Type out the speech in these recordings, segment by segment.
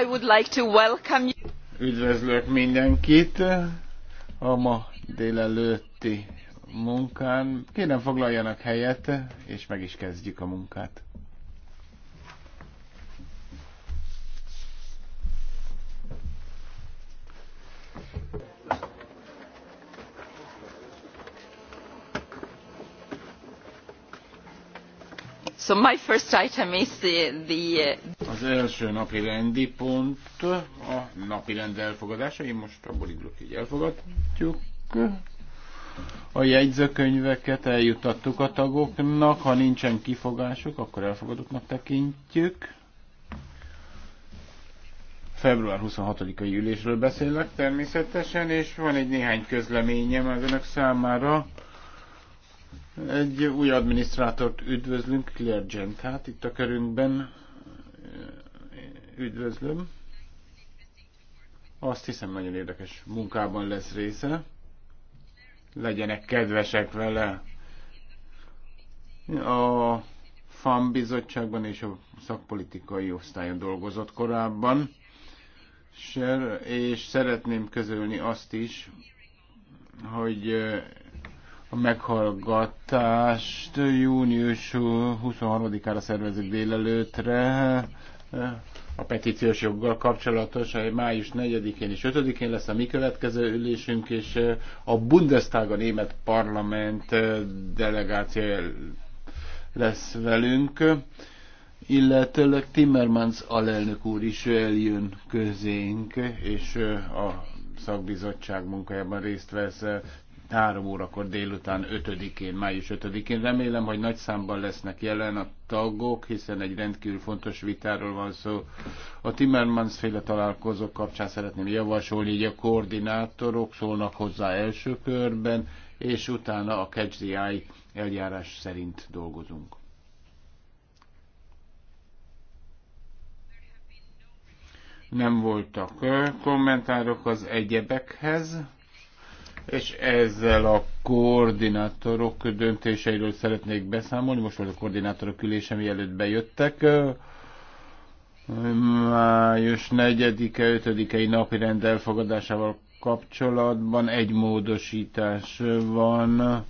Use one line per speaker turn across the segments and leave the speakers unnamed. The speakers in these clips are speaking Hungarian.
I would like to welcome you.
Üdvözlök mindenkit a ma délelőtti munkán. Kérem foglaljanak helyet, és meg is kezdjük a munkát.
So my first item is the, the...
Uh, az első napi rendi pont a napi rend elfogadása. Én most abból indulok, hogy elfogadjuk. A jegyzőkönyveket eljuttattuk a tagoknak. Ha nincsen kifogásuk, akkor elfogadottnak tekintjük. Február 26-ai ülésről beszélek természetesen, és van egy néhány közleményem az önök számára. Egy új adminisztrátort üdvözlünk, Claire Gentát itt a körünkben. Üdvözlöm. Azt hiszem, nagyon érdekes munkában lesz része. Legyenek kedvesek vele. A FAM bizottságban és a szakpolitikai osztályon dolgozott korábban, és szeretném közölni azt is, hogy a meghallgatást június 23-ára szervezünk délelőtre a petíciós joggal kapcsolatos, május 4-én és 5-én lesz a mi következő ülésünk, és a Bundestag, a német parlament delegáció lesz velünk, illetőleg Timmermans alelnök úr is eljön közénk, és a szakbizottság munkájában részt vesz. 3 órakor délután 5-én, május 5-én. Remélem, hogy nagy számban lesznek jelen a tagok, hiszen egy rendkívül fontos vitáról van szó. A Timmermans féle találkozók kapcsán szeretném javasolni, hogy a koordinátorok szólnak hozzá első körben, és utána a Catch the Eye eljárás szerint dolgozunk. Nem voltak kommentárok az egyebekhez és ezzel a koordinátorok döntéseiről szeretnék beszámolni. Most volt a koordinátorok ülése, mielőtt bejöttek. Május 4-e, 5-i napi rend elfogadásával kapcsolatban egy módosítás van,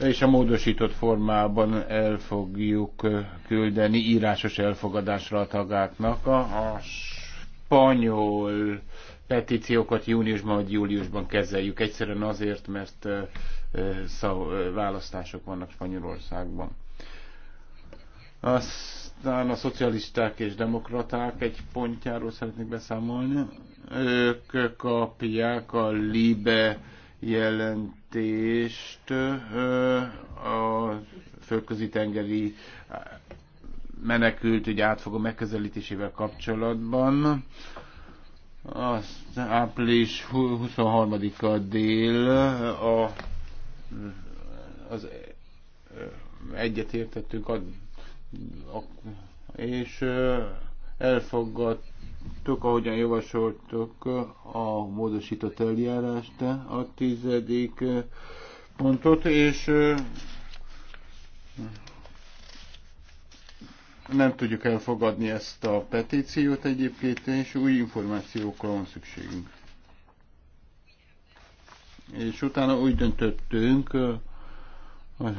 és a módosított formában el fogjuk küldeni írásos elfogadásra a tagáknak. A, a spanyol petíciókat júniusban vagy júliusban kezeljük. Egyszerűen azért, mert választások vannak Spanyolországban. Aztán a szocialisták és demokraták egy pontjáról szeretnék beszámolni. Ők kapják a LIBE jelentést a földközi tengeri menekült ügy átfogó megközelítésével kapcsolatban az április 23-a dél a, az egyetértettünk, a, a, és elfogadtuk, ahogyan javasoltuk a módosított eljárást, a tizedik pontot, és Nem tudjuk elfogadni ezt a petíciót egyébként, és új információkra van szükségünk. És utána úgy döntöttünk eh,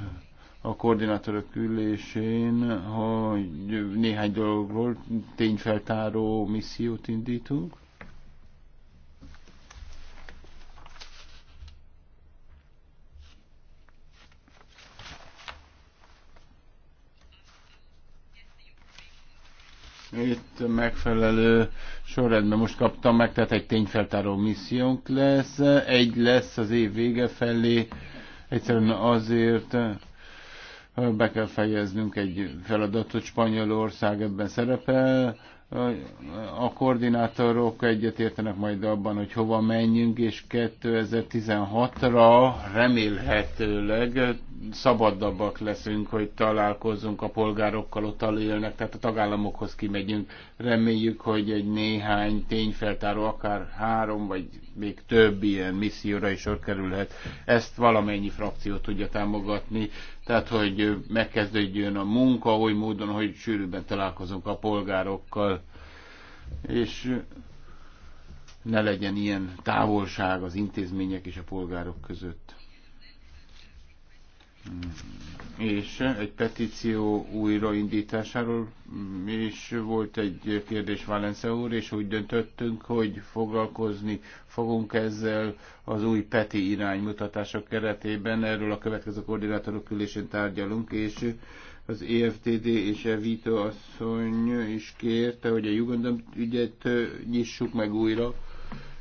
a koordinátorok ülésén, hogy néhány dologról tényfeltáró missziót indítunk megfelelő sorrendben most kaptam meg, tehát egy tényfeltáró missziónk lesz, egy lesz az év vége felé, egyszerűen azért be kell fejeznünk egy feladatot, Spanyolország ebben szerepel, a koordinátorok egyetértenek majd abban, hogy hova menjünk, és 2016-ra remélhetőleg szabadabbak leszünk, hogy találkozunk a polgárokkal, ott élnek, tehát a tagállamokhoz kimegyünk. Reméljük, hogy egy néhány tényfeltáró, akár három vagy még több ilyen misszióra is sor kerülhet. Ezt valamennyi frakció tudja támogatni, tehát hogy megkezdődjön a munka oly módon, hogy sűrűbben találkozunk a polgárokkal, és ne legyen ilyen távolság az intézmények és a polgárok között és egy petíció újraindításáról is volt egy kérdés Valence úr, és úgy döntöttünk, hogy foglalkozni fogunk ezzel az új PETI iránymutatások keretében. Erről a következő koordinátorok ülésén tárgyalunk, és az EFTD és Evita asszony is kérte, hogy a jugendom ügyet nyissuk meg újra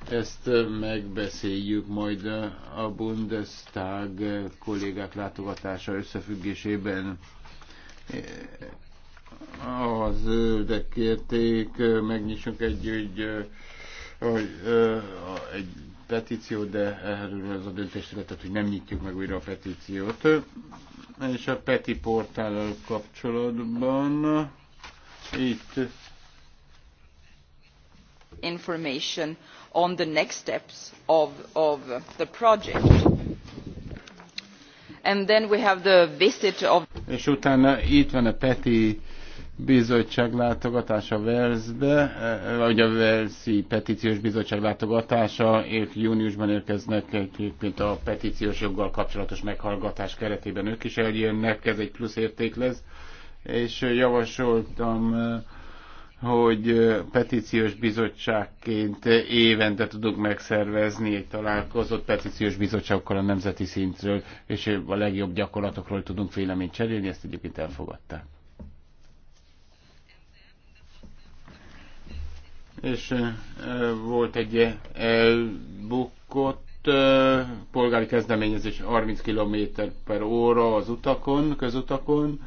ezt megbeszéljük majd a Bundestag kollégák látogatása összefüggésében a zöldek kérték, megnyissunk egy, egy, egy, egy petíciót, de erről az a döntés született, hogy nem nyitjuk meg újra a petíciót. És a Peti portállal kapcsolatban itt
information on the next steps of, the project. then we have the visit of
és utána itt van a Peti bizottság látogatása Velszbe, eh, vagy a Velszi petíciós bizottság látogatása, ők júniusban érkeznek egyébként a petíciós joggal kapcsolatos meghallgatás keretében, ők is eljönnek, ez egy plusz érték lesz, és javasoltam eh, hogy petíciós bizottságként évente tudunk megszervezni egy találkozót petíciós bizottságokkal a nemzeti szintről, és a legjobb gyakorlatokról tudunk véleményt cserélni, ezt egyébként elfogadták. És volt egy elbukott polgári kezdeményezés 30 km per óra az utakon, közutakon,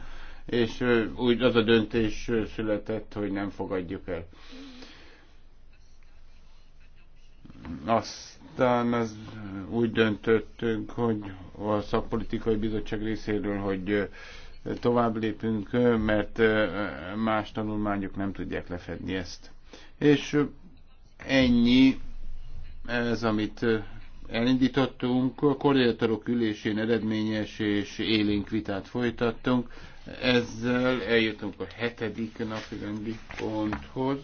és úgy az a döntés született, hogy nem fogadjuk el. Aztán az, úgy döntöttünk, hogy a szakpolitikai bizottság részéről, hogy tovább lépünk, mert más tanulmányok nem tudják lefedni ezt. És ennyi ez, amit elindítottunk, a koordinátorok ülésén eredményes és élénk vitát folytattunk, ezzel eljutunk a hetedik napi rendi ponthoz.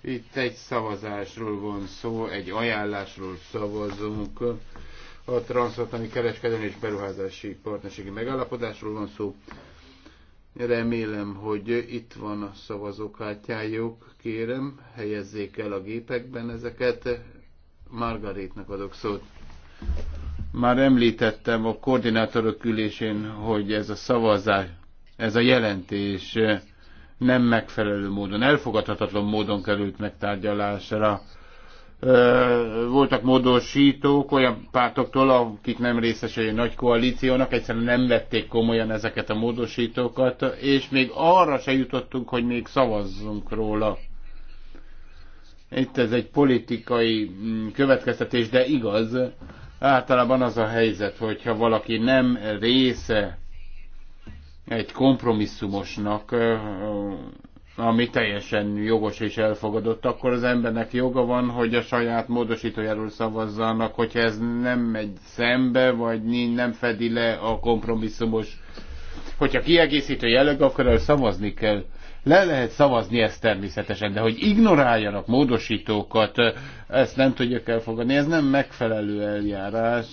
Itt egy szavazásról van szó, egy ajánlásról szavazunk. A transatlanti kereskedelmi és beruházási partnerségi megállapodásról van szó. Remélem, hogy itt van a szavazókártyájuk. Kérem, helyezzék el a gépekben ezeket. Margarétnak adok szót. Már említettem a koordinátorok ülésén, hogy ez a szavazás, ez a jelentés nem megfelelő módon, elfogadhatatlan módon került megtárgyalásra. Voltak módosítók olyan pártoktól, akik nem részesei a nagy koalíciónak, egyszerűen nem vették komolyan ezeket a módosítókat, és még arra se jutottunk, hogy még szavazzunk róla. Itt ez egy politikai mm, következtetés, de igaz, Általában az a helyzet, hogyha valaki nem része egy kompromisszumosnak, ami teljesen jogos és elfogadott, akkor az embernek joga van, hogy a saját módosítójáról szavazzanak, hogyha ez nem megy szembe, vagy nem fedi le a kompromisszumos. Hogyha kiegészítő jelleg, akkor el szavazni kell. Le lehet szavazni ezt természetesen, de hogy ignoráljanak módosítókat, ezt nem tudjuk elfogadni, ez nem megfelelő eljárás.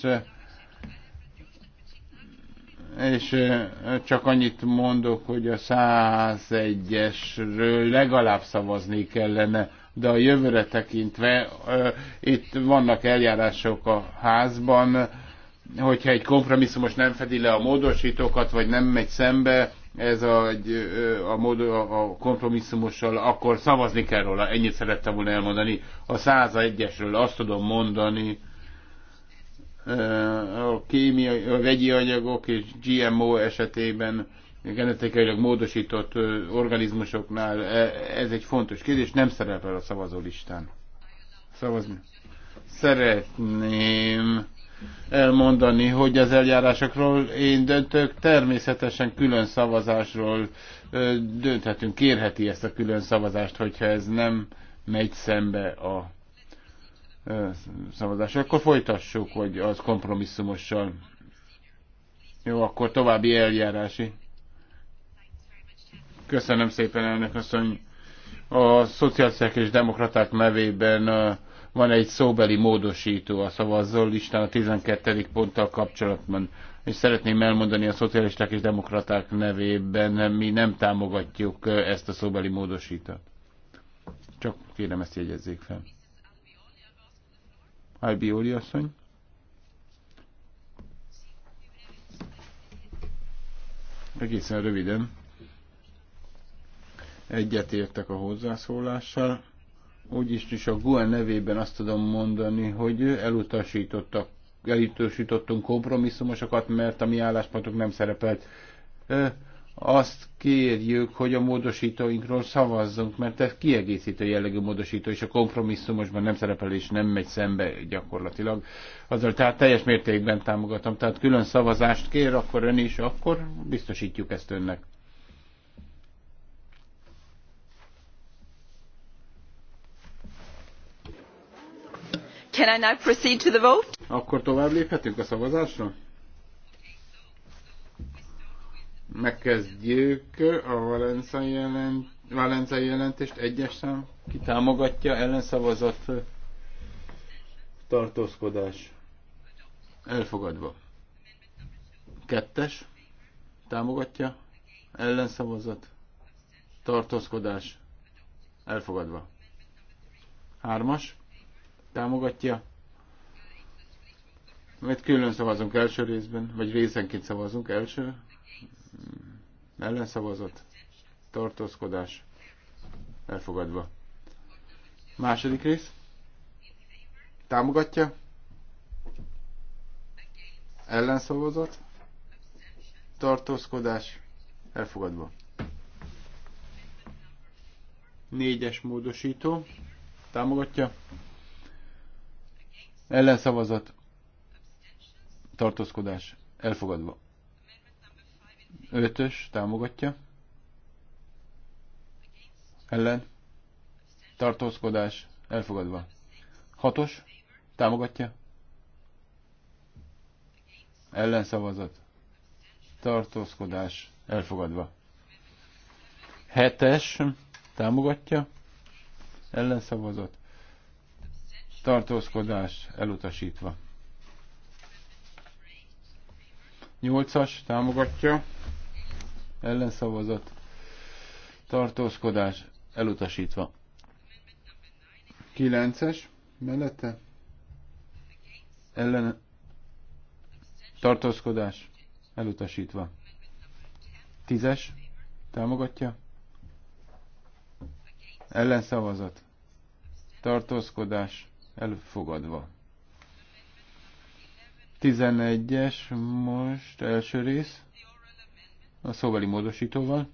És csak annyit mondok, hogy a 101-esről legalább szavazni kellene, de a jövőre tekintve itt vannak eljárások a házban, hogyha egy kompromisszumos nem fedi le a módosítókat, vagy nem megy szembe, ez a, a, mód, a kompromisszumossal, akkor szavazni kell róla. Ennyit szerettem volna elmondani. A 101-esről azt tudom mondani, a kémiai, a vegyi anyagok és GMO esetében genetikailag módosított organizmusoknál e, ez egy fontos kérdés, nem szerepel a szavazólistán. Szavazni. Szeretném elmondani, hogy az eljárásokról én döntök, természetesen külön szavazásról dönthetünk, kérheti ezt a külön szavazást, hogyha ez nem megy szembe a szavazás. Akkor folytassuk, hogy az kompromisszumossal. Jó, akkor további eljárási. Köszönöm szépen, elnök asszony. A szociálisták és demokraták nevében van egy szóbeli módosító a szavazzol listán a 12. ponttal kapcsolatban, és szeretném elmondani a szocialisták és demokraták nevében, mi nem támogatjuk ezt a szóbeli módosítót. Csak kérem, ezt jegyezzék fel. Albioli asszony. Egészen röviden. Egyetértek a hozzászólással. Úgyis is a GUE nevében azt tudom mondani, hogy elutasítottak, elutasítottunk kompromisszumosokat, mert a mi álláspontunk nem szerepelt. Azt kérjük, hogy a módosítóinkról szavazzunk, mert ez kiegészítő jellegű módosító, és a kompromisszumosban nem szerepel és nem megy szembe gyakorlatilag. Azzal tehát teljes mértékben támogatom. Tehát külön szavazást kér, akkor ön is, akkor biztosítjuk ezt önnek.
Can I now proceed to the vote?
Akkor tovább léphetünk a szavazásra? Megkezdjük a valencai, jelent, valencai jelentést egyes Ki támogatja ellenszavazat tartózkodás? Elfogadva. Kettes támogatja ellenszavazat tartózkodás? Elfogadva. Hármas támogatja. Mert külön szavazunk első részben, vagy részenként szavazunk első. Ellenszavazott. Tartózkodás. Elfogadva. Második rész. Támogatja. Ellenszavazott. Tartózkodás. Elfogadva. Négyes módosító. Támogatja. Ellenszavazat. Tartózkodás. Elfogadva. Ötös támogatja. Ellen. Tartózkodás. Elfogadva. Hatos. Támogatja. Ellenszavazat. Tartózkodás. Elfogadva. Hetes. Támogatja. Ellenszavazat tartózkodás elutasítva. Nyolcas támogatja, ellenszavazat, tartózkodás elutasítva. Kilences mellette, ellen tartózkodás elutasítva. Tízes támogatja, ellenszavazat, tartózkodás elfogadva. 11-es most első rész a szóbeli módosítóval.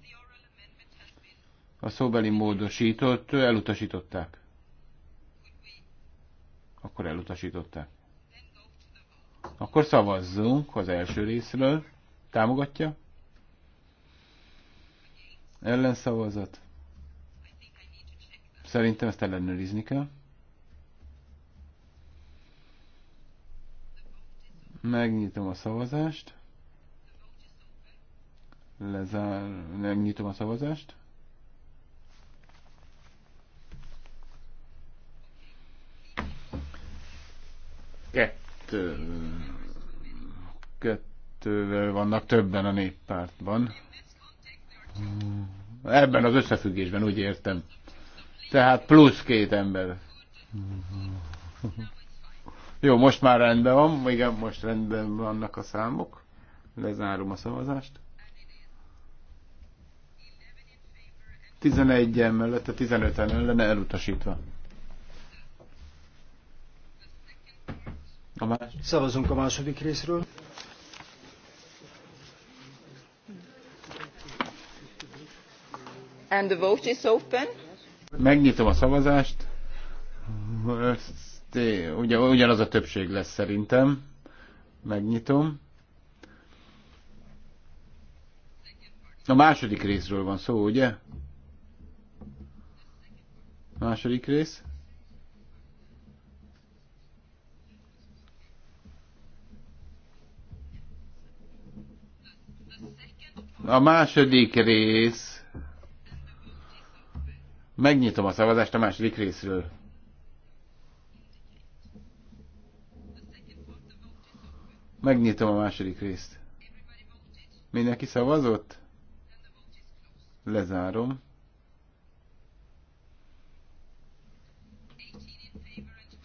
A szóbeli módosítót elutasították. Akkor elutasították. Akkor szavazzunk az első részről. Támogatja? Ellenszavazat. Szerintem ezt ellenőrizni kell. Megnyitom a szavazást. Lezár... Nem nyitom a szavazást. Kettő... Kettővel vannak többen a néppártban. Ebben az összefüggésben úgy értem. Tehát plusz két ember. Jó, most már rendben van. Igen, most rendben vannak a számok. Lezárom a szavazást. 11 en mellett, a 15-en ellene elutasítva.
A más... Szavazunk a második részről.
And the vote is open.
Megnyitom a szavazást. Ezt Hát, eh, ugye, ugyanaz a többség lesz szerintem. Megnyitom. A második részről van szó, ugye? Második rész. A második rész. Megnyitom a szavazást a második részről. Megnyitom a második részt. Mindenki szavazott? Lezárom.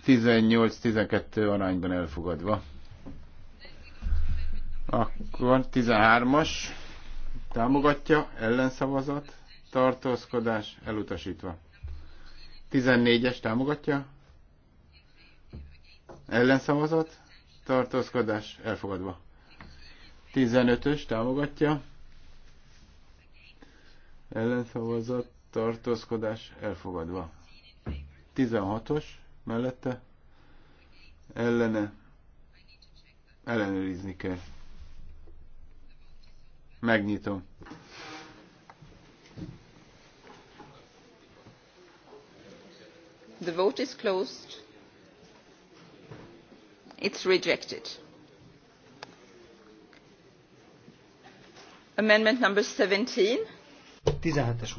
18-12 arányban elfogadva. Akkor 13-as támogatja, ellenszavazat, tartózkodás elutasítva. 14-es támogatja, ellenszavazat, tartózkodás elfogadva. 15-ös támogatja, ellenszavazat, tartózkodás elfogadva. 16-os mellette, ellene, ellenőrizni kell. Megnyitom.
The vote is closed is rejected. Amendment no seventeen
17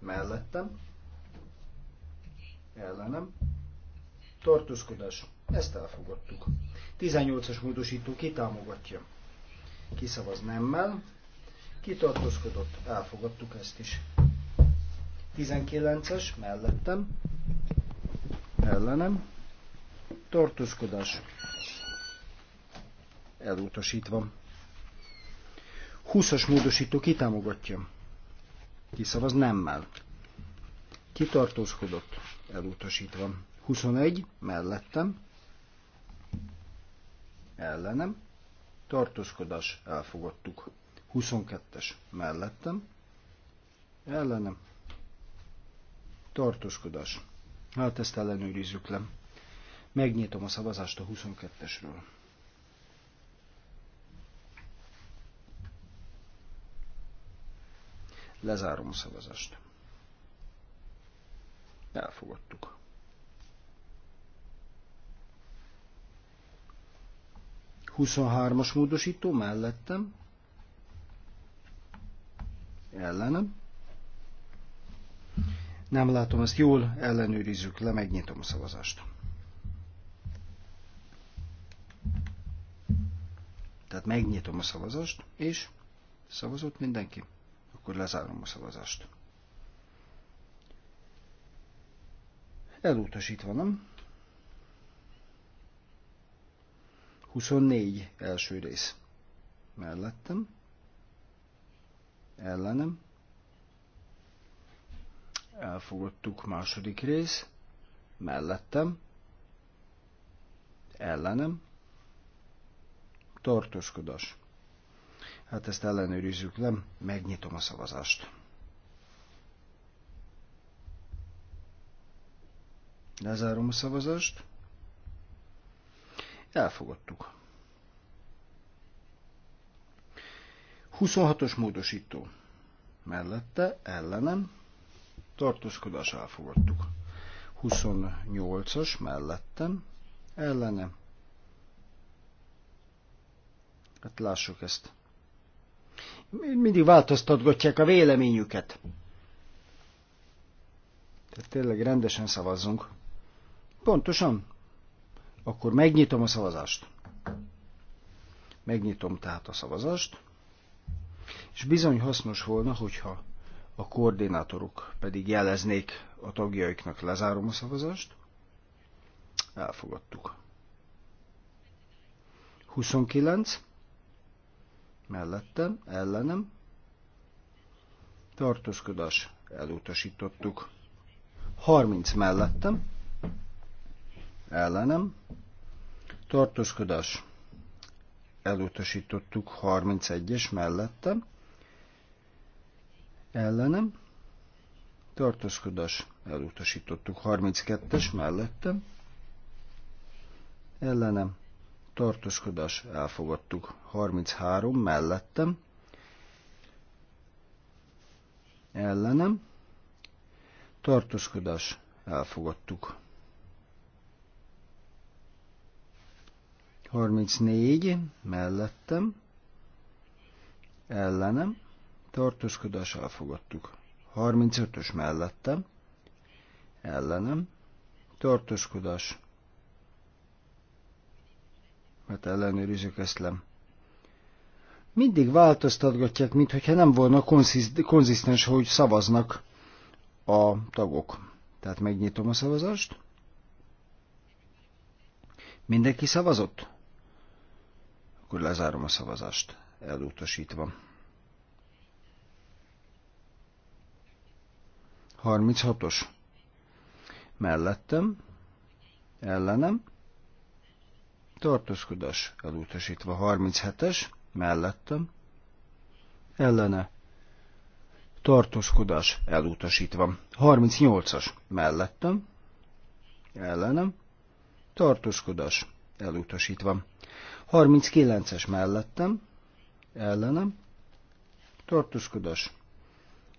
Mellettem. Ellenem. Tartózkodás. Ezt elfogadtuk. 18-as módosító kitámogatja. Kiszavaz nemmel. Kitartózkodott. Elfogadtuk ezt is. 19-es. Mellettem. Ellenem tartózkodás elutasítva. 20-as módosító kitámogatja. Kiszavaz nemmel. Kitartózkodott, elutasítva. 21 mellettem. Ellenem. Tartózkodás elfogadtuk. 22-es mellettem. Ellenem. Tartózkodás. Hát ezt ellenőrizzük le. Megnyitom a szavazást a 22-esről. Lezárom a szavazást. Elfogadtuk. Huszonhármas módosító mellettem. Ellenem. Nem látom ezt jól, ellenőrizzük le, megnyitom a szavazást. Tehát megnyitom a szavazást, és szavazott mindenki? Akkor lezárom a szavazást. Elutasítva, nem? 24 első rész. Mellettem. Ellenem. Elfogadtuk második rész. Mellettem. Ellenem tartózkodás. Hát ezt ellenőrizzük, nem? Megnyitom a szavazást. Lezárom a szavazást. Elfogadtuk. 26-os módosító. Mellette, ellenem, tartózkodás elfogadtuk. 28-as mellettem, ellenem, Hát lássuk ezt. Mindig változtatgatják a véleményüket. Tehát tényleg rendesen szavazzunk. Pontosan. Akkor megnyitom a szavazást. Megnyitom tehát a szavazást. És bizony hasznos volna, hogyha a koordinátorok pedig jeleznék a tagjaiknak lezárom a szavazást. Elfogadtuk. 29 mellettem, ellenem, tartózkodás, elutasítottuk. 30 mellettem, ellenem, tartózkodás, elutasítottuk 31-es mellettem, ellenem, tartózkodás, elutasítottuk 32-es mellettem, ellenem, tartózkodás elfogadtuk. 33 mellettem, ellenem, tartózkodás elfogadtuk. 34 mellettem, ellenem, tartózkodás elfogadtuk. 35-ös mellettem, ellenem, tartózkodás mert hát ellenőrizzük ezt Mindig változtatgatják, mintha nem volna konzisztens, hogy szavaznak a tagok. Tehát megnyitom a szavazást. Mindenki szavazott? Akkor lezárom a szavazást, elutasítva. 36-os. Mellettem, ellenem, tartózkodás elutasítva 37-es, mellettem, ellene, tartózkodás elutasítva 38-as, mellettem, ellenem, tartózkodás elutasítva 39-es mellettem, ellenem, tartózkodás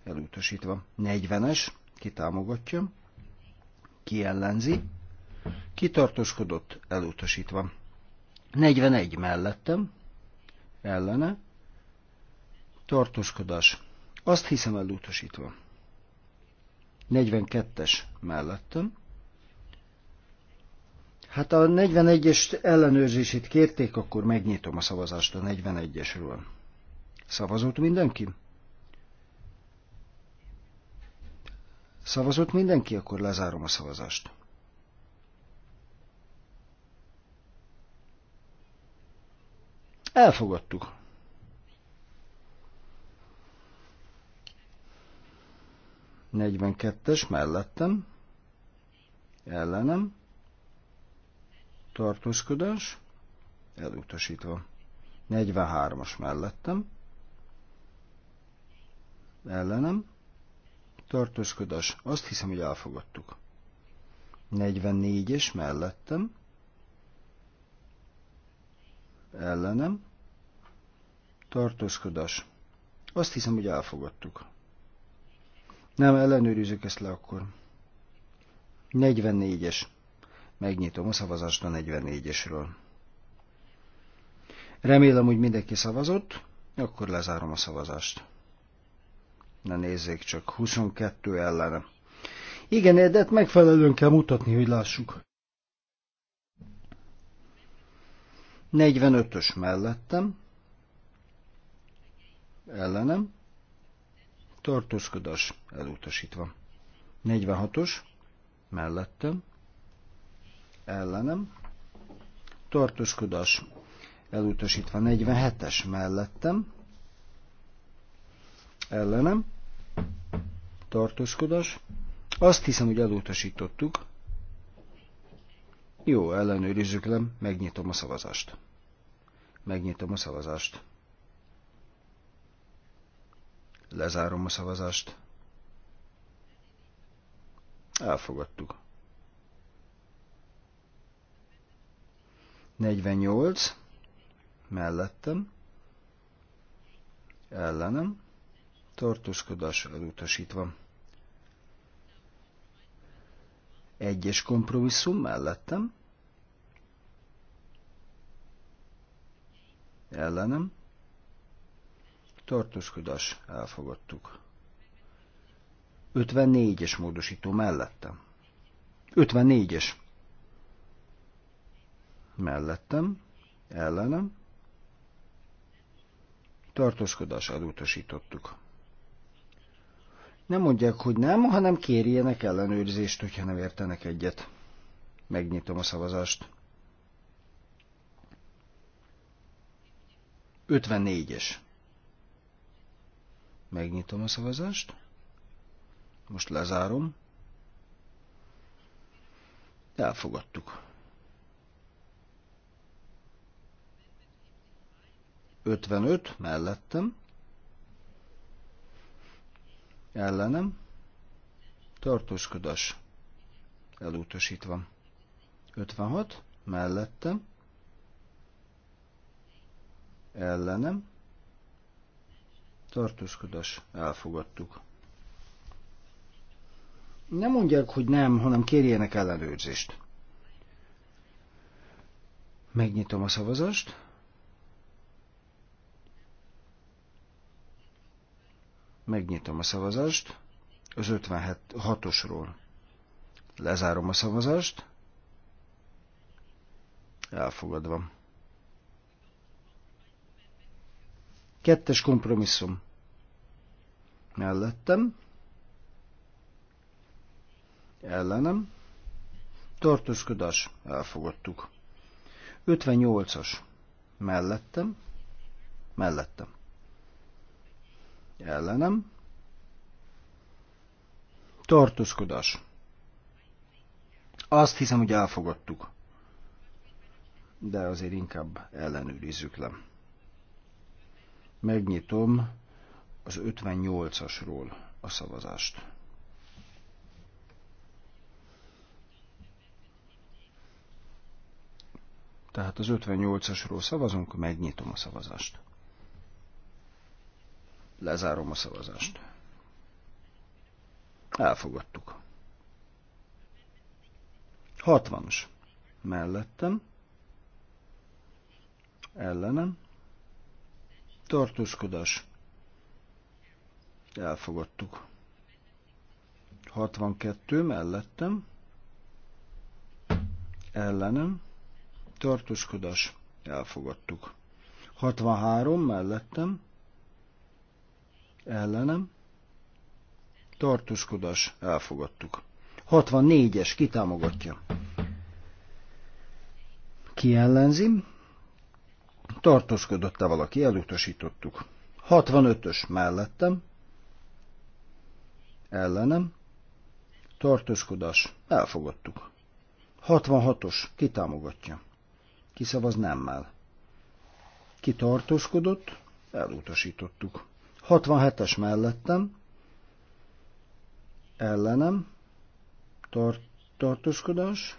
elutasítva 40-es, kitámogatja, kiellenzi, kitartózkodott, elutasítva 41 mellettem, ellene, tartózkodás, azt hiszem elutasítva. 42-es mellettem. Hát a 41-es ellenőrzését kérték, akkor megnyitom a szavazást a 41-esről. Szavazott mindenki? Szavazott mindenki, akkor lezárom a szavazást. Elfogadtuk. Negyvenkettes mellettem, ellenem, tartózkodás, elutasítva. 43-as mellettem, ellenem, tartózkodás, azt hiszem, hogy elfogadtuk. 44-es mellettem, ellenem, tartózkodás. Azt hiszem, hogy elfogadtuk. Nem, ellenőrizzük ezt le akkor. 44-es. Megnyitom a szavazást a 44-esről. Remélem, hogy mindenki szavazott, akkor lezárom a szavazást. Na nézzék csak, 22 ellene. Igen, de hát megfelelően kell mutatni, hogy lássuk. 45-ös mellettem, ellenem, tartózkodás elutasítva. 46-os, mellettem, ellenem, tartózkodás elutasítva. 47-es, mellettem, ellenem, tartózkodás. Azt hiszem, hogy elutasítottuk. Jó, ellenőrizzük le, megnyitom a szavazást. Megnyitom a szavazást. Lezárom a szavazást. Elfogadtuk. 48. Mellettem. Ellenem. Tartózkodás elutasítva. Egyes kompromisszum mellettem. Ellenem. Tartózkodás. Elfogadtuk. 54-es módosító mellettem. 54-es. Mellettem. Ellenem. Tartózkodás elutasítottuk. Nem mondják, hogy nem, hanem kérjenek ellenőrzést, hogyha nem értenek egyet. Megnyitom a szavazást. 54-es. Megnyitom a szavazást. Most lezárom. Elfogadtuk. 55 mellettem ellenem, tartózkodás elutasítva. 56 mellettem, ellenem, tartózkodás elfogadtuk. Nem mondják, hogy nem, hanem kérjenek ellenőrzést. Megnyitom a szavazást. Megnyitom a szavazást az 56-osról. Lezárom a szavazást. Elfogadva. Kettes kompromisszum. Mellettem. Ellenem. Tartózkodás. Elfogadtuk. 58-as. Mellettem. Mellettem ellenem, tartózkodás. Azt hiszem, hogy elfogadtuk, de azért inkább ellenőrizzük le. Megnyitom az 58-asról a szavazást. Tehát az 58-asról szavazunk, megnyitom a szavazást. Lezárom a szavazást. Elfogadtuk. Hatvanos. Mellettem. Ellenem. Tartózkodás. Elfogadtuk. 62 mellettem. Ellenem. Tartózkodás. Elfogadtuk. 63 mellettem ellenem, Tartuskodás. elfogadtuk. 64-es, ki támogatja? Ki ellenzi? Tartózkodott-e valaki, elutasítottuk. 65-ös mellettem, ellenem, tartózkodás, elfogadtuk. 66-os, ki támogatja? Ki szavaz nemmel? Ki tartózkodott, elutasítottuk. 67-es mellettem, ellenem, tart, tartózkodás,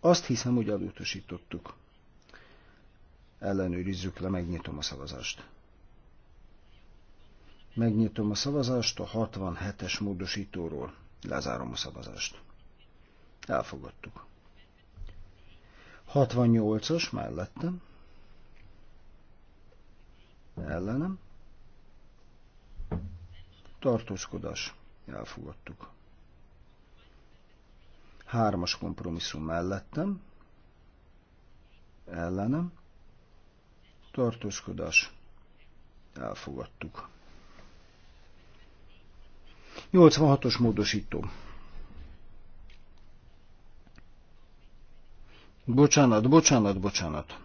azt hiszem, hogy elutasítottuk. Ellenőrizzük le, megnyitom a szavazást. Megnyitom a szavazást a 67-es módosítóról. Lezárom a szavazást. Elfogadtuk. 68-as mellettem. Ellenem tartózkodás, elfogadtuk. Hármas kompromisszum mellettem, ellenem, tartózkodás, elfogadtuk. 86-os módosító. Bocsánat, bocsánat, bocsánat.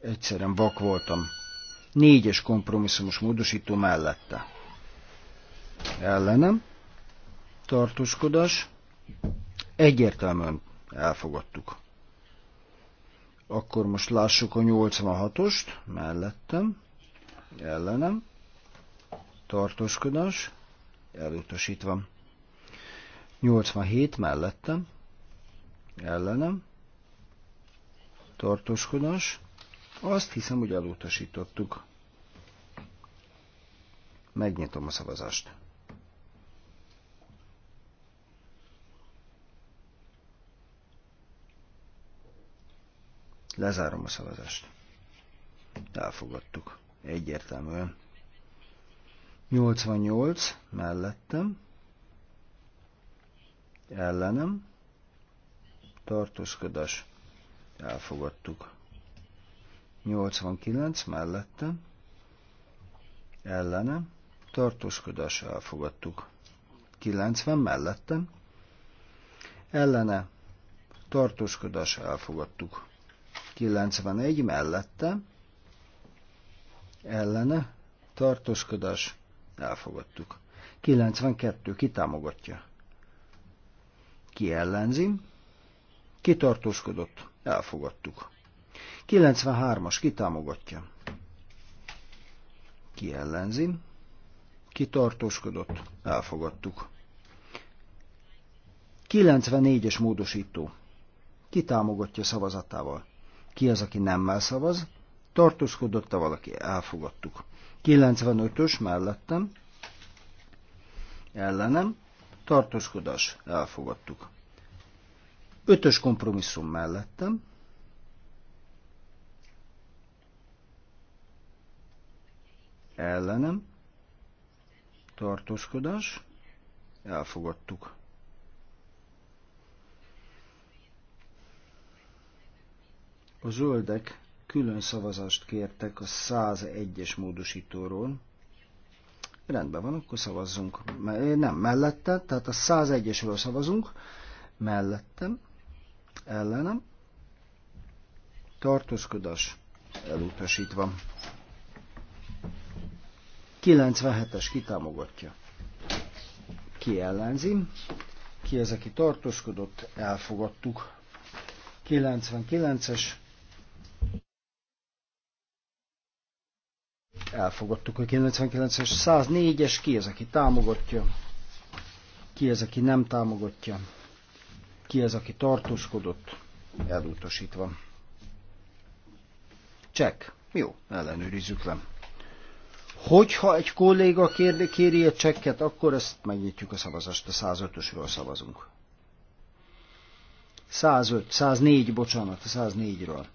Egyszerűen vak voltam négyes kompromisszumos módosító mellette. Ellenem. Tartózkodás. Egyértelműen elfogadtuk. Akkor most lássuk a 86-ost mellettem. Ellenem. Tartózkodás. Elutasítva. 87 mellettem. Ellenem. Tartózkodás azt hiszem, hogy elutasítottuk. Megnyitom a szavazást. Lezárom a szavazást. Elfogadtuk. Egyértelműen. 88 mellettem. Ellenem. Tartózkodás. Elfogadtuk. 89 mellette, ellene, tartózkodás elfogadtuk. 90 mellette, ellene, tartózkodás elfogadtuk. 91 mellette, ellene, tartózkodás elfogadtuk. 92 kitámogatja. Ki ellenzi? Kitartóskodott, elfogadtuk. 93-as kitámogatja. Ki ellenzi? Ki Elfogadtuk. 94-es módosító. Ki támogatja szavazatával? Ki az, aki nem szavaz? Tartózkodott-e valaki? Elfogadtuk. 95-ös mellettem. Ellenem. Tartózkodás. Elfogadtuk. 5-ös kompromisszum mellettem ellenem, tartózkodás, elfogadtuk. A zöldek külön szavazást kértek a 101-es módosítóról. Rendben van, akkor szavazzunk. Eh, nem, mellette, tehát a 101-esről szavazunk, mellettem, ellenem, tartózkodás elutasítva. 97-es kitámogatja. Ki ellenzi? Ki az, aki tartózkodott? Elfogadtuk. 99-es. Elfogadtuk a 99-es. 104-es. Ki az, aki támogatja? Ki az, aki nem támogatja? Ki az, aki tartózkodott? Elutasítva. Csek. Jó, ellenőrizzük le. Hogyha egy kolléga kér, kéri egy csekket, akkor ezt megnyitjuk a szavazást, a 105-ösről szavazunk. 105, 104, bocsánat, a 104-ről.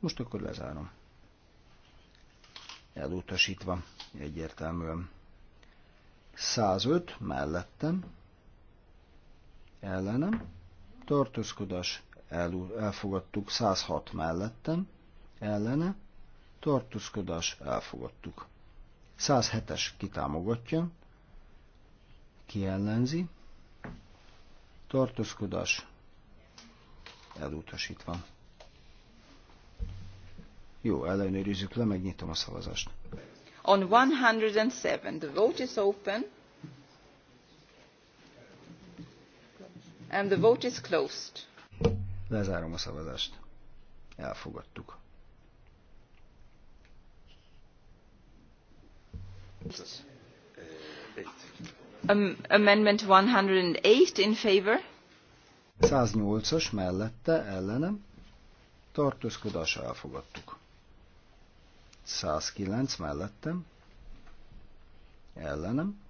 Most akkor lezárom. Elutasítva, egyértelműen. 105 mellettem, ellenem, tartózkodás, elfogadtuk 106 mellettem, ellene, tartózkodás, elfogadtuk. 107-es kitámogatja, kiellenzi, tartózkodás, elutasítva. Jó, ellenőrizzük le, megnyitom a szavazást.
On 107, the vote is open. And the vote is closed.
Lezárom a szavazást.
Elfogadtuk. amendment 108 in favor.
108-as mellette ellenem tartózkodás elfogadtuk. 109 mellettem ellenem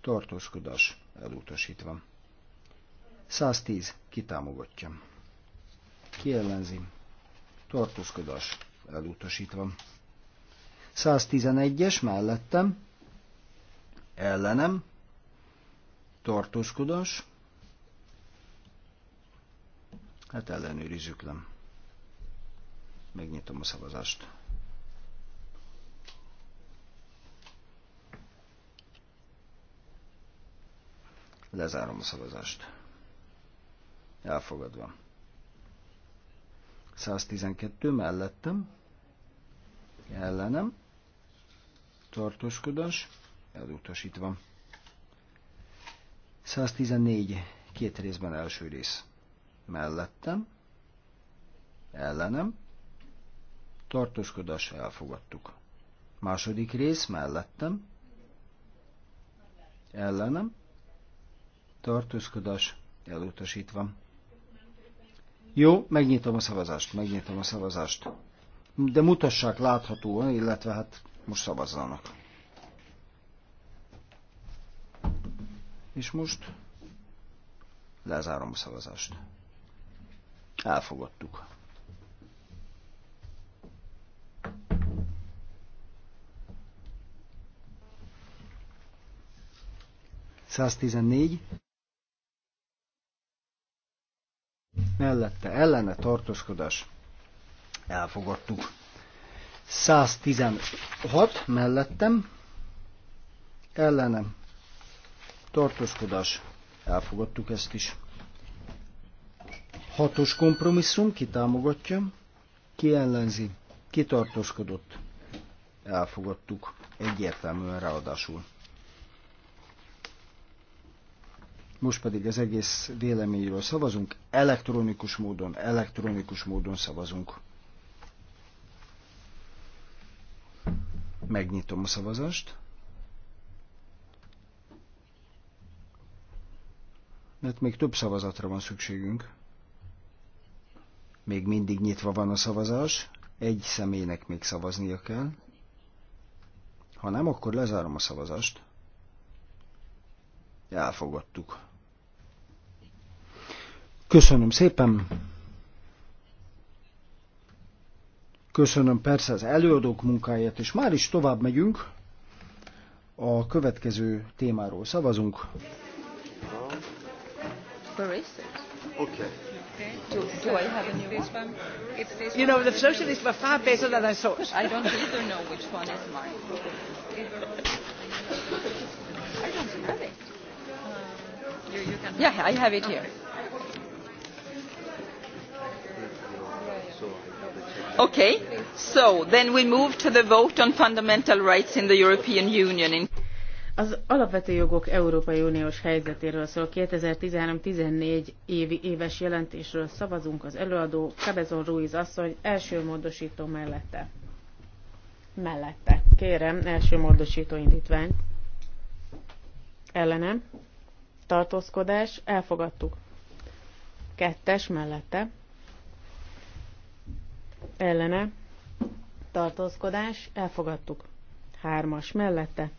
tartózkodás elutasítva. 110 kitámogatja. Kiellenzi. Tartózkodás elutasítva. 111-es mellettem, ellenem, tartózkodás, hát ellenőrizzük le. Megnyitom a szavazást. Lezárom a szavazást. Elfogadva. 112 mellettem, ellenem, tartózkodás elutasítva. 114 két részben első rész mellettem, ellenem, tartózkodás elfogadtuk. Második rész mellettem, ellenem, tartózkodás elutasítva. Jó, megnyitom a szavazást, megnyitom a szavazást. De mutassák láthatóan, illetve hát most szavazzanak. És most lezárom a szavazást. Elfogadtuk. Mellette ellene tartózkodás. Elfogadtuk. 116 mellettem, ellenem, tartózkodás, elfogadtuk ezt is. Hatos kompromisszum, ki támogatja, ki ellenzi, ki tartózkodott, elfogadtuk, egyértelműen ráadásul. Most pedig az egész véleményről szavazunk, elektronikus módon, elektronikus módon szavazunk. Megnyitom a szavazást. Mert még több szavazatra van szükségünk. Még mindig nyitva van a szavazás. Egy személynek még szavaznia kell. Ha nem, akkor lezárom a szavazást. Elfogadtuk. Köszönöm szépen! Köszönöm persze az előadók munkáját, és már is tovább megyünk. A következő témáról szavazunk.
you know, the socialists were far better than I thought. I don't either know which one is mine. I don't have it. Um, yeah, I have it here. So Okay. So, then we move to the vote on fundamental rights in the European Union.
Az alapvető jogok Európai Uniós helyzetéről szól 2013-14 évi éves jelentésről szavazunk az előadó Cabezon Ruiz asszony első módosító mellette. Mellette. Kérem, első módosító indítvány. Ellenem. Tartózkodás. Elfogadtuk. Kettes mellette ellene tartózkodás elfogadtuk. Hármas mellette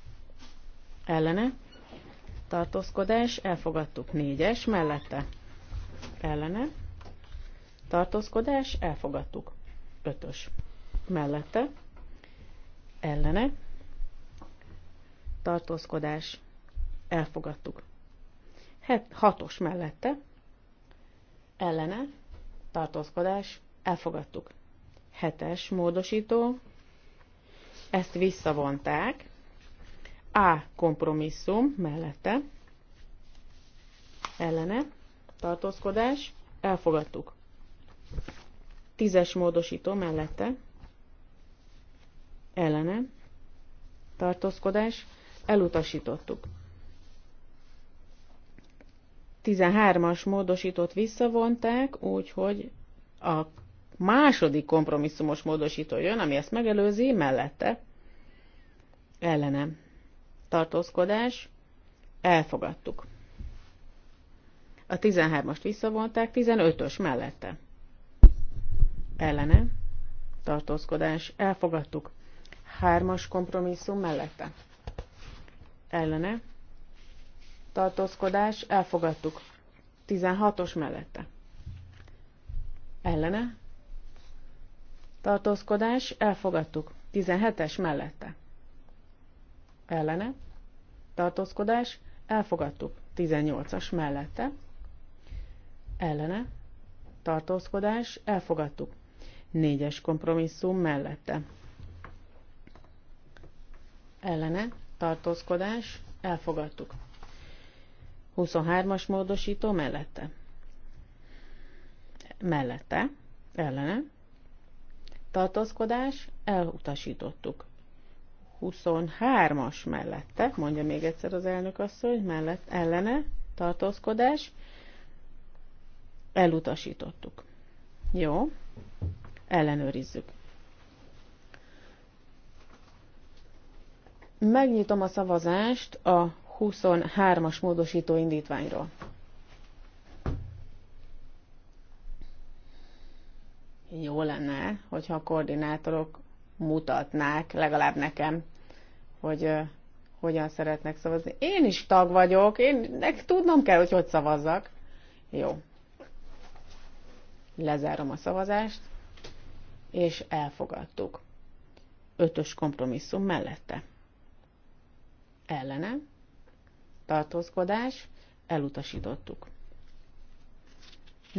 ellene tartózkodás elfogadtuk. Négyes mellette ellene tartózkodás elfogadtuk. Ötös mellette ellene tartózkodás elfogadtuk. Het, hatos mellette ellene tartózkodás elfogadtuk. Hetes módosító. Ezt visszavonták. A kompromisszum mellette. Ellene. Tartózkodás. Elfogadtuk. Tízes módosító mellette. Ellene. Tartózkodás. Elutasítottuk. 13-as módosítót visszavonták, úgyhogy a Második kompromisszumos módosító jön, ami ezt megelőzi, mellette ellenem tartózkodás, elfogadtuk. A 13-ast visszavonták, 15-ös mellette. Ellene, tartózkodás, elfogadtuk. Hármas kompromisszum mellette. Ellene, tartózkodás, elfogadtuk. 16-os mellette. Ellene, tartózkodás, elfogadtuk. 17-es mellette. Ellene, tartózkodás, elfogadtuk. 18-as mellette. Ellene, tartózkodás, elfogadtuk. 4-es kompromisszum mellette. Ellene, tartózkodás, elfogadtuk. 23-as módosító mellette. Mellette, ellene, tartózkodás, elutasítottuk. 23-as mellette, mondja még egyszer az elnök asszony, mellett ellene, tartózkodás, elutasítottuk. Jó, ellenőrizzük. Megnyitom a szavazást a 23-as módosító indítványról. jó lenne, hogyha a koordinátorok mutatnák, legalább nekem, hogy uh, hogyan szeretnek szavazni. Én is tag vagyok, én nek tudnom kell, hogy hogy szavazzak. Jó. Lezárom a szavazást, és elfogadtuk. Ötös kompromisszum mellette. Ellene, tartózkodás, elutasítottuk.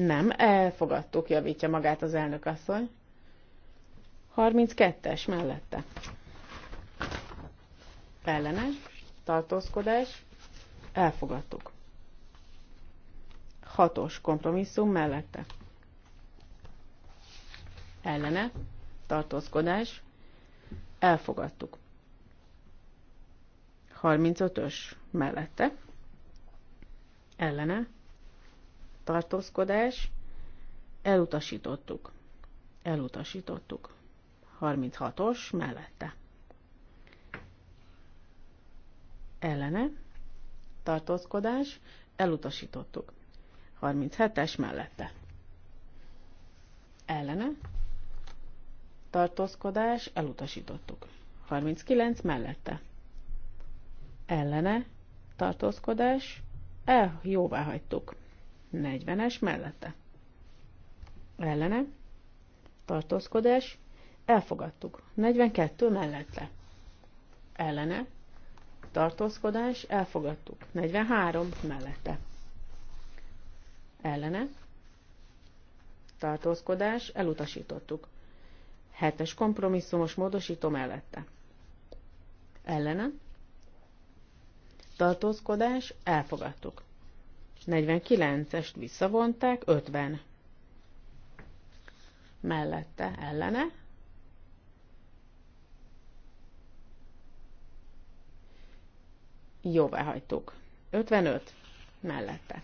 Nem, elfogadtuk, javítja magát az elnök asszony. 32-es mellette. Ellenes, tartózkodás, elfogadtuk. 6-os kompromisszum mellette. Ellene, tartózkodás, elfogadtuk. 35-ös mellette. Ellene, tartózkodás, elutasítottuk, elutasítottuk. 36-os mellette. Ellene, tartózkodás, elutasítottuk. 37-es mellette. Ellene, tartózkodás, elutasítottuk. 39 mellette. Ellene, tartózkodás, el jóvá hagytuk. 40-es mellette. Ellene. Tartózkodás. Elfogadtuk. 42 mellette. Ellene. Tartózkodás. Elfogadtuk. 43 mellette. Ellene. Tartózkodás. Elutasítottuk. 7-es kompromisszumos módosító mellette. Ellene. Tartózkodás. Elfogadtuk. 49-est visszavonták, 50 mellette ellene. Jóvá hagytuk. 55 mellette.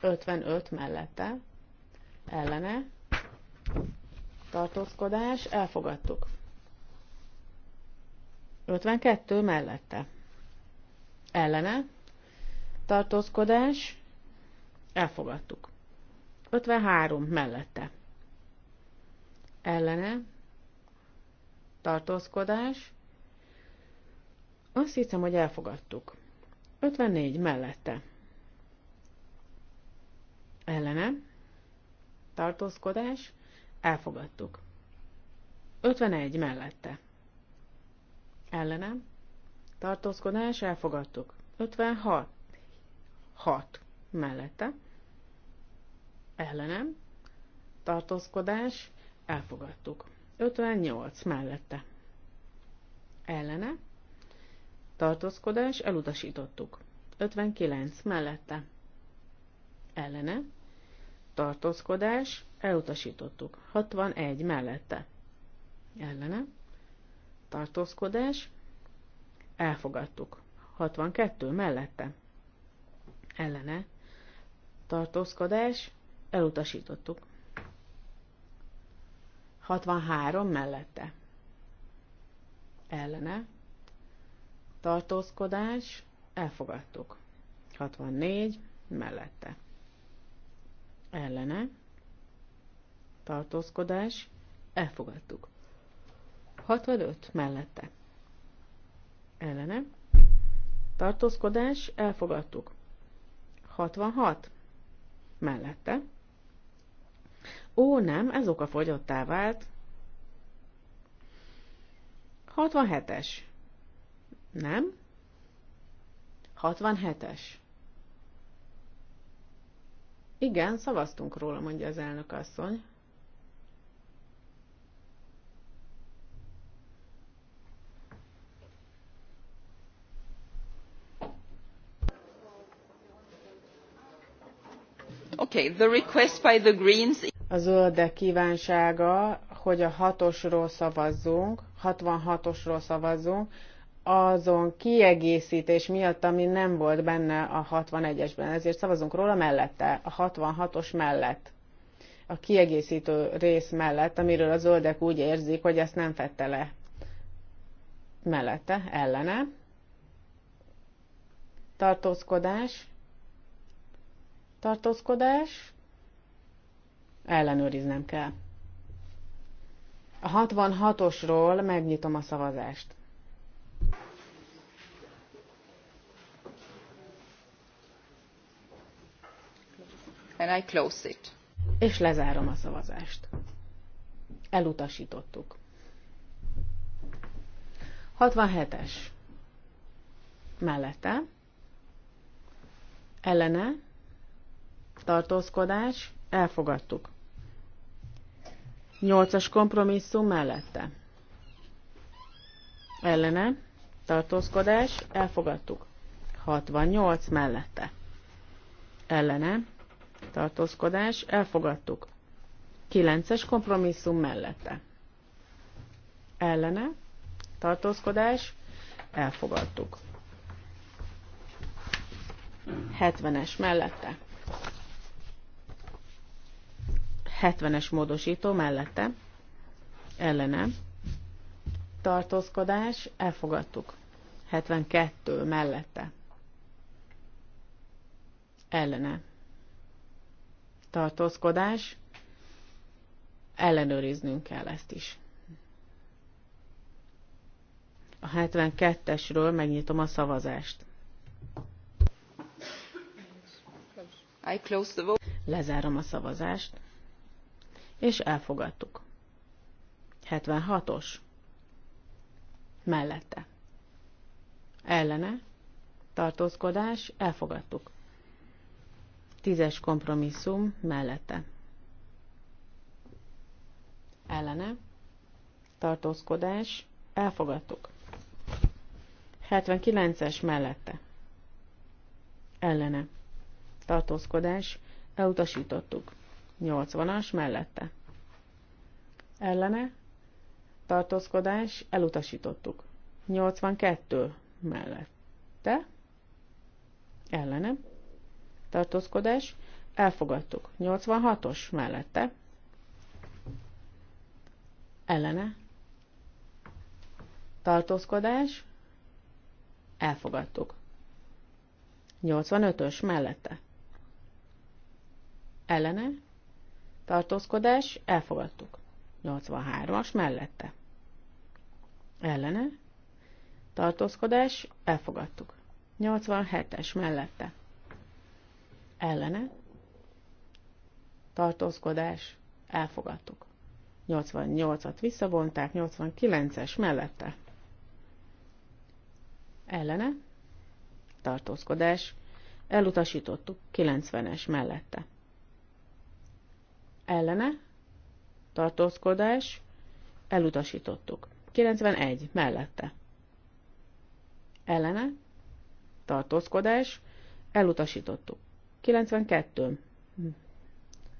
55 mellette ellene. Tartózkodás, elfogadtuk. 52 mellette. Ellene tartózkodás, elfogadtuk. 53 mellette. Ellene, tartózkodás, azt hiszem, hogy elfogadtuk. 54 mellette. Ellene, tartózkodás, elfogadtuk. 51 mellette. Ellene, tartózkodás, elfogadtuk. 56 6 mellette, ellenem, tartózkodás, elfogadtuk. 58 mellette, ellene, tartózkodás, elutasítottuk. 59 mellette, ellene, tartózkodás, elutasítottuk. 61 mellette, ellene, tartózkodás, elfogadtuk. 62 mellette, ellene tartózkodás, elutasítottuk. 63 mellette ellene tartózkodás, elfogadtuk. 64 mellette ellene tartózkodás, elfogadtuk. 65 mellette ellene tartózkodás, elfogadtuk. 66 mellette. Ó, nem, ez oka fogyottá vált. 67-es. Nem? 67-es. Igen, szavaztunk róla, mondja az elnök asszony.
Okay, the request by the Greens...
A zöldek kívánsága, hogy a hatosról szavazzunk, 66-osról szavazzunk, azon kiegészítés miatt, ami nem volt benne a 61-esben. Ezért szavazunk róla mellette, a 66-os mellett. A kiegészítő rész mellett, amiről a zöldek úgy érzik, hogy ezt nem fette le. Mellette, ellene. Tartózkodás tartózkodás, ellenőriznem kell. A 66-osról megnyitom a szavazást.
And I close it. És lezárom a szavazást.
Elutasítottuk. 67-es. Mellette. Ellene tartózkodás, elfogadtuk. Nyolcas kompromisszum mellette. Ellene, tartózkodás, elfogadtuk. 68 mellette. Ellene, tartózkodás, elfogadtuk. 9-es kompromisszum mellette. Ellene, tartózkodás, elfogadtuk. 70-es mellette 70-es módosító mellette, ellene, tartózkodás, elfogadtuk. 72 mellette, ellene, tartózkodás, ellenőriznünk kell ezt is. A 72-esről megnyitom a szavazást.
I close the vote.
Lezárom a szavazást és elfogadtuk. 76-os. Mellette. Ellene. Tartózkodás. Elfogadtuk. Tízes kompromisszum. Mellette. Ellene. Tartózkodás. Elfogadtuk. 79-es. Mellette. Ellene. Tartózkodás. Elutasítottuk. 80-as mellette. Ellene tartózkodás elutasítottuk. 82 mellette. Ellene tartózkodás elfogadtuk. 86-os mellette. Ellene tartózkodás elfogadtuk. 85-ös mellette. Ellene tartózkodás, elfogadtuk. 83-as mellette. Ellene, tartózkodás, elfogadtuk. 87-es mellette. Ellene, tartózkodás, elfogadtuk. 88-at visszavonták, 89-es mellette. Ellene, tartózkodás, elutasítottuk, 90-es mellette ellene, tartózkodás, elutasítottuk. 91 mellette, ellene, tartózkodás, elutasítottuk. 92.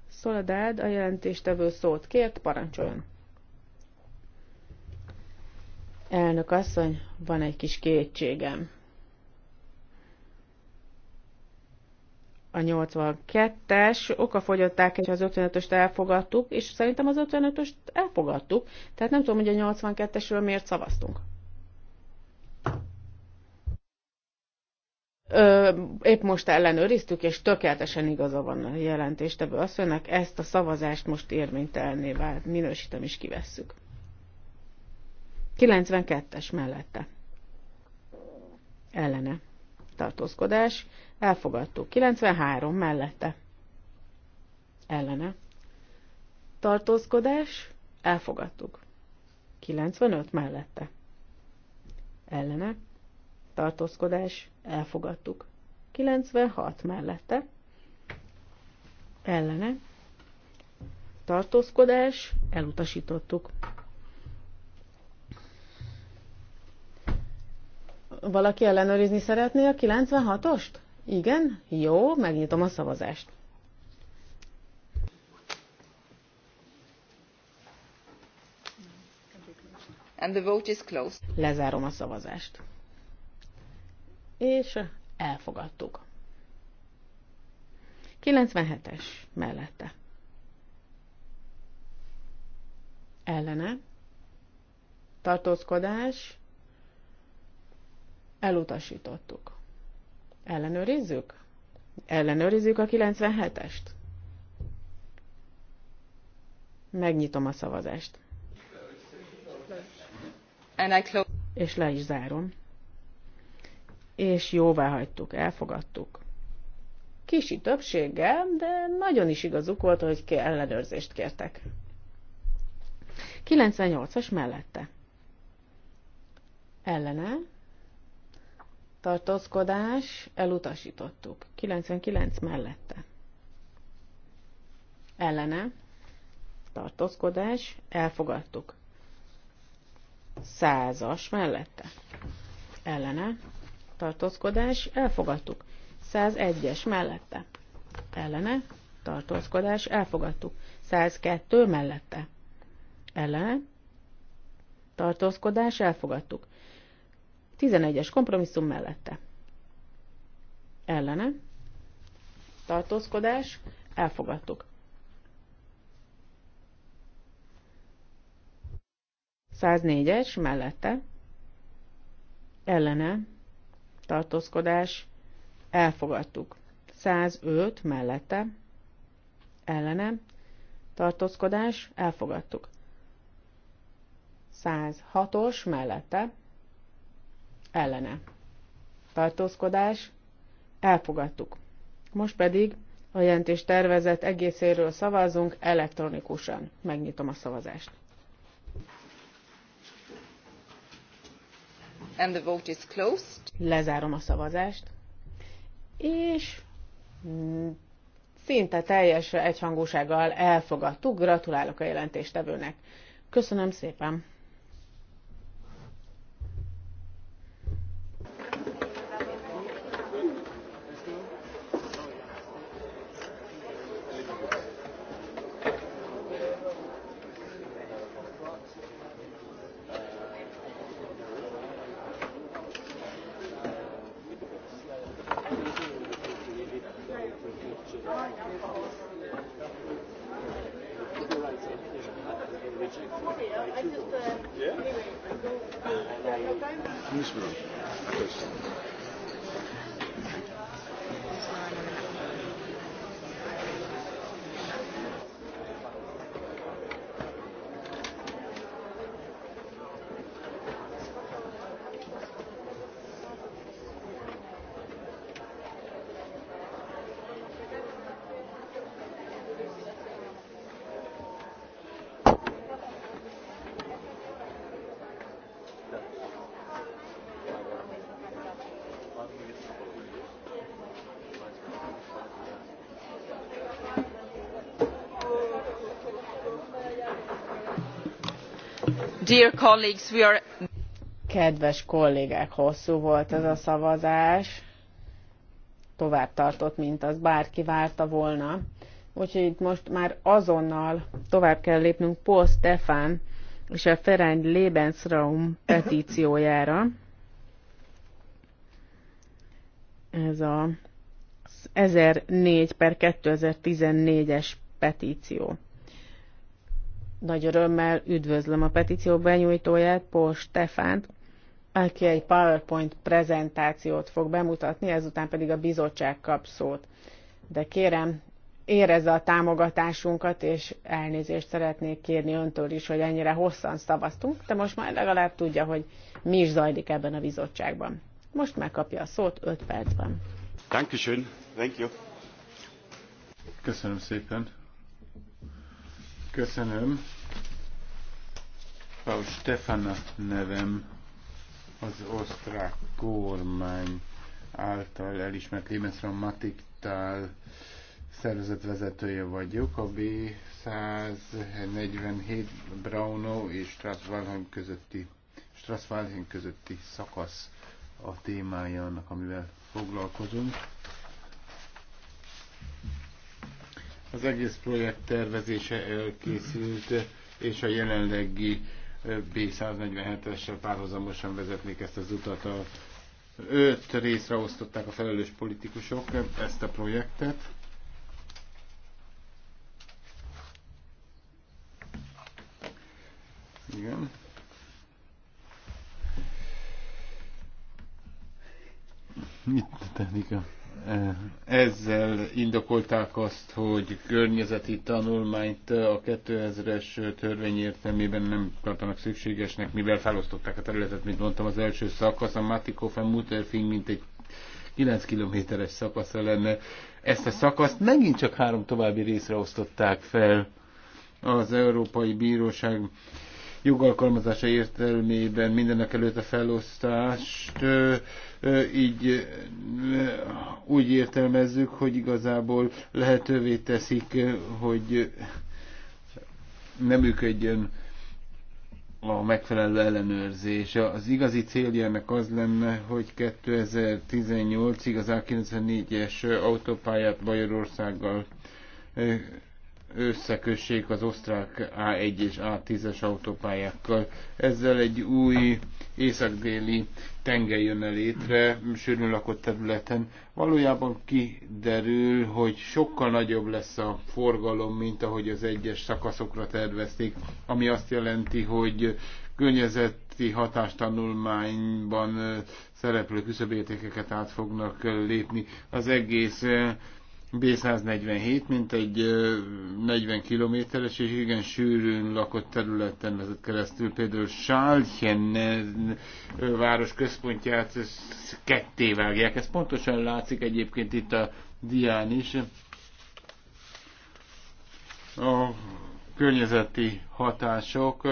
Szoladád a jelentéstevő szót kért, parancsoljon. Elnök asszony, van egy kis kétségem. a 82-es, okafogyották, és az 55-öst elfogadtuk, és szerintem az 55-öst elfogadtuk, tehát nem tudom, hogy a 82-esről miért szavaztunk. Ö, épp most ellenőriztük, és tökéletesen igaza van a Azt mondják, ezt a szavazást most érvénytelné vált, minősítem is kivesszük. 92-es mellette. Ellene tartózkodás, elfogadtuk. 93 mellette, ellene, tartózkodás, elfogadtuk. 95 mellette, ellene, tartózkodás, elfogadtuk. 96 mellette, ellene, tartózkodás, elutasítottuk. Valaki ellenőrizni szeretné a 96-ost? Igen? Jó, megnyitom a szavazást.
And the vote is closed.
Lezárom a szavazást. És elfogadtuk. 97-es mellette. Ellene. Tartózkodás Elutasítottuk. Ellenőrizzük? Ellenőrizzük a 97-est. Megnyitom a szavazást. És le is zárom. És jóvá hagytuk, elfogadtuk. Kisi többséggel, de nagyon is igazuk volt, hogy ellenőrzést kértek. 98-as mellette. Ellene tartózkodás, elutasítottuk. 99 mellette. Ellene, tartózkodás, elfogadtuk. Százas mellette. Ellene, tartózkodás, elfogadtuk. 101-es mellette. Ellene, tartózkodás, elfogadtuk. 102 mellette. Ellene, tartózkodás, elfogadtuk. 11-es kompromisszum mellette. Ellene. Tartózkodás. Elfogadtuk. 104-es mellette. Ellene. Tartózkodás. Elfogadtuk. 105 mellette. Ellene. Tartózkodás. Elfogadtuk. 106-os mellette ellene. Tartózkodás, elfogadtuk. Most pedig a jelentés tervezett egészéről szavazunk elektronikusan. Megnyitom a szavazást.
And the vote is closed.
Lezárom a szavazást.
És
szinte teljes egyhangúsággal elfogadtuk. Gratulálok a jelentéstevőnek. Köszönöm szépen! Kedves kollégák, hosszú volt ez a szavazás. Tovább tartott, mint az bárki várta volna. Úgyhogy itt most már azonnal tovább kell lépnünk Paul Stefan és a Ferenc Lebensraum petíciójára. Ez a 1004 per 2014-es petíció. Nagy örömmel üdvözlöm a petíció benyújtóját, Paul Stefánt, aki egy PowerPoint prezentációt fog bemutatni, ezután pedig a bizottság kap szót. De kérem, érezze a támogatásunkat, és elnézést szeretnék kérni öntől is, hogy ennyire hosszan szavaztunk, de most már legalább tudja, hogy mi is zajlik ebben a bizottságban. Most megkapja a szót 5 percben.
Dankeschön. Thank you. Köszönöm szépen. Köszönöm Klaus Stefana nevem az osztrák kormány által elismert Lémeszra Matiktál vezetője vagyok. A B147 Braunau és Strasvalheim közötti, Strasvalheim közötti szakasz a témája annak, amivel foglalkozunk. Az egész projekt tervezése elkészült, és a jelenlegi B147-essel párhuzamosan vezetnék ezt az utat. A öt részre osztották a felelős politikusok ezt a projektet. Igen. Mit a a ezzel indokolták azt, hogy környezeti tanulmányt a 2000-es törvény értelmében nem tartanak szükségesnek, mivel felosztották a területet, mint mondtam, az első szakasz, a Matikofen Mutterfing, mint egy 9 kilométeres szakasza lenne. Ezt a szakaszt megint csak három további részre osztották fel az Európai Bíróság jogalkalmazása értelmében mindenek előtt a felosztást így úgy értelmezzük, hogy igazából lehetővé teszik, hogy nem működjön a megfelelő ellenőrzés. Az igazi célja ennek az lenne, hogy 2018-ig az A94-es autópályát Magyarországgal összekössék az osztrák A1 és A10-es autópályákkal. Ezzel egy új észak-déli tenger jönne létre sűrűn lakott területen. Valójában kiderül, hogy sokkal nagyobb lesz a forgalom, mint ahogy az egyes szakaszokra tervezték, ami azt jelenti, hogy környezeti hatástanulmányban szereplő küszöbértékeket át fognak lépni. Az egész B147, mint egy 40 kilométeres és igen sűrűn lakott területen vezet keresztül. Például Sálchen város központját ketté vágják. Ez pontosan látszik egyébként itt a dián is. A környezeti hatások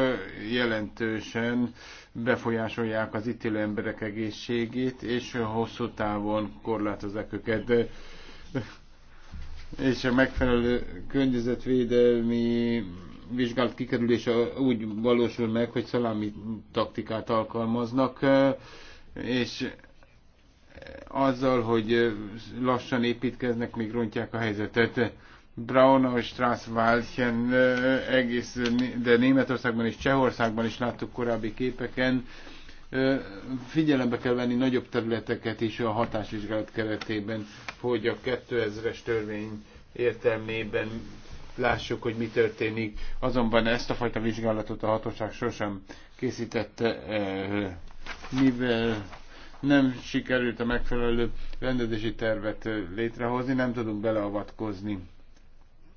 jelentősen befolyásolják az itt élő emberek egészségét, és hosszú távon korlátozzák őket és a megfelelő környezetvédelmi vizsgálat kikerülése úgy valósul meg, hogy szalámi taktikát alkalmaznak, és azzal, hogy lassan építkeznek, még rontják a helyzetet. Braun és Strasswaldchen egész, de Németországban és Csehországban is láttuk korábbi képeken, figyelembe kell venni nagyobb területeket is a hatásvizsgálat keretében, hogy a 2000-es törvény értelmében lássuk, hogy mi történik. Azonban ezt a fajta vizsgálatot a hatóság sosem készítette mivel nem sikerült a megfelelő rendezési tervet létrehozni, nem tudunk beleavatkozni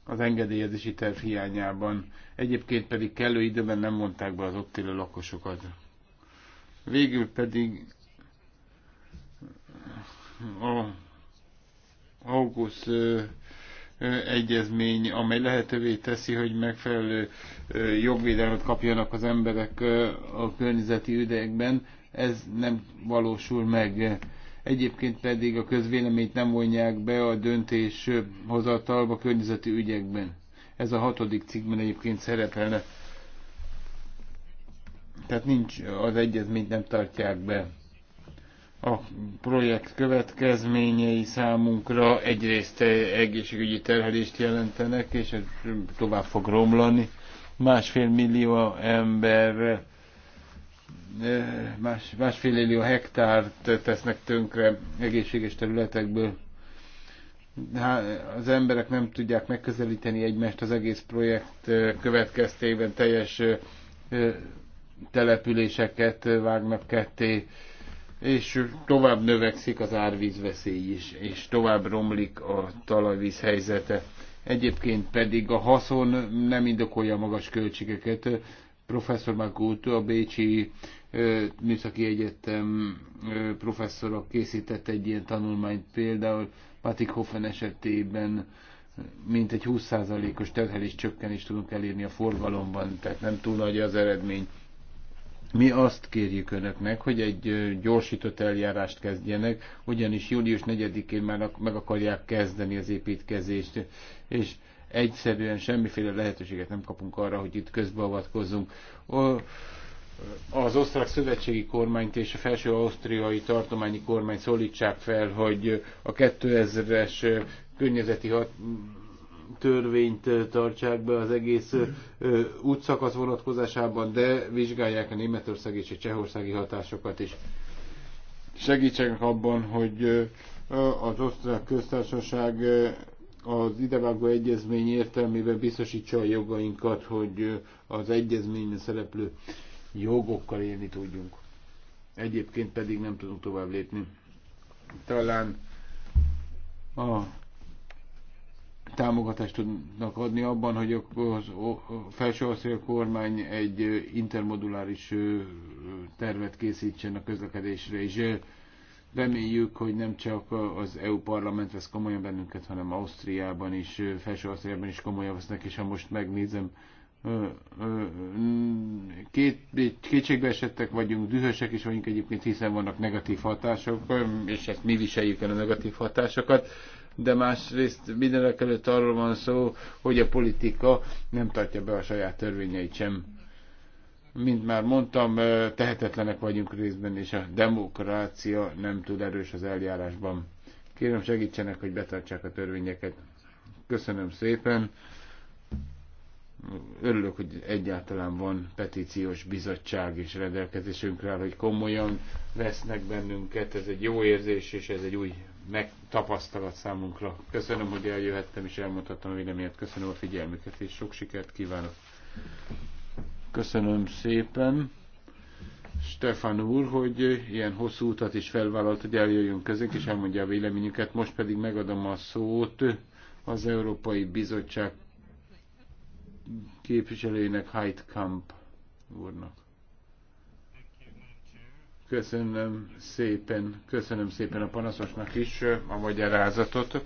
az engedélyezési terv hiányában. Egyébként pedig kellő időben nem mondták be az ott élő lakosokat. Végül pedig a augusz egyezmény, amely lehetővé teszi, hogy megfelelő jogvédelmet kapjanak az emberek a környezeti üdegben, ez nem valósul meg. Egyébként pedig a közvéleményt nem vonják be a döntéshozatalba környezeti ügyekben. Ez a hatodik cikkben egyébként szerepelne tehát nincs, az egyezményt nem tartják be. A projekt következményei számunkra egyrészt egészségügyi terhelést jelentenek, és ez tovább fog romlani. Másfél millió ember, eh, más, másfél millió hektárt tesznek tönkre egészséges területekből. Az emberek nem tudják megközelíteni egymást az egész projekt eh, következtében teljes eh, településeket vágnak ketté, és tovább növekszik az árvízveszély is, és tovább romlik a talajvíz helyzete. Egyébként pedig a haszon nem indokolja magas költségeket. Professzor Magút, a Bécsi Műszaki Egyetem professzora készített egy ilyen tanulmányt, például Patik Hoffen esetében egy 20%-os terhelés csökkenést tudunk elérni a forgalomban, tehát nem túl nagy az eredmény. Mi azt kérjük önöknek, hogy egy gyorsított eljárást kezdjenek, ugyanis július 4-én már meg akarják kezdeni az építkezést, és egyszerűen semmiféle lehetőséget nem kapunk arra, hogy itt közbeavatkozzunk. Az osztrák szövetségi kormányt és a felső ausztriai tartományi kormányt szólítsák fel, hogy a 2000-es környezeti hat törvényt tartsák be az egész útszakasz vonatkozásában, de vizsgálják a németországi és a csehországi hatásokat is. Segítsenek abban, hogy az osztrák köztársaság az idevágó egyezmény értelmében biztosítsa a jogainkat, hogy az egyezményben szereplő jogokkal élni tudjunk. Egyébként pedig nem tudunk tovább lépni. Talán a támogatást tudnak adni abban, hogy a felsőosztály kormány egy intermoduláris tervet készítsen a közlekedésre, és reméljük, hogy nem csak az EU parlament vesz komolyan bennünket, hanem Ausztriában is, felsőosztályban is komolyan vesznek, és ha most megnézem, két, kétségbe esettek vagyunk, dühösek is vagyunk egyébként, hiszen vannak negatív hatások, és ezt mi viseljük el a negatív hatásokat de másrészt mindenek előtt arról van szó, hogy a politika nem tartja be a saját törvényeit sem. Mint már mondtam, tehetetlenek vagyunk részben, és a demokrácia nem túl erős az eljárásban. Kérem segítsenek, hogy betartsák a törvényeket. Köszönöm szépen. Örülök, hogy egyáltalán van petíciós bizottság is rendelkezésünkre, hogy komolyan vesznek bennünket. Ez egy jó érzés, és ez egy új megtapasztalat számunkra. Köszönöm, hogy eljöhettem és elmondhattam a véleményet. Köszönöm a figyelmüket és sok sikert kívánok. Köszönöm szépen. Stefan úr, hogy ilyen hosszú utat is felvállalt, hogy eljöjjön közénk, és elmondja a véleményüket. Most pedig megadom a szót az Európai Bizottság képviselőjének Heidkamp úrnak. Köszönöm szépen, köszönöm szépen a panaszosnak is a magyarázatot.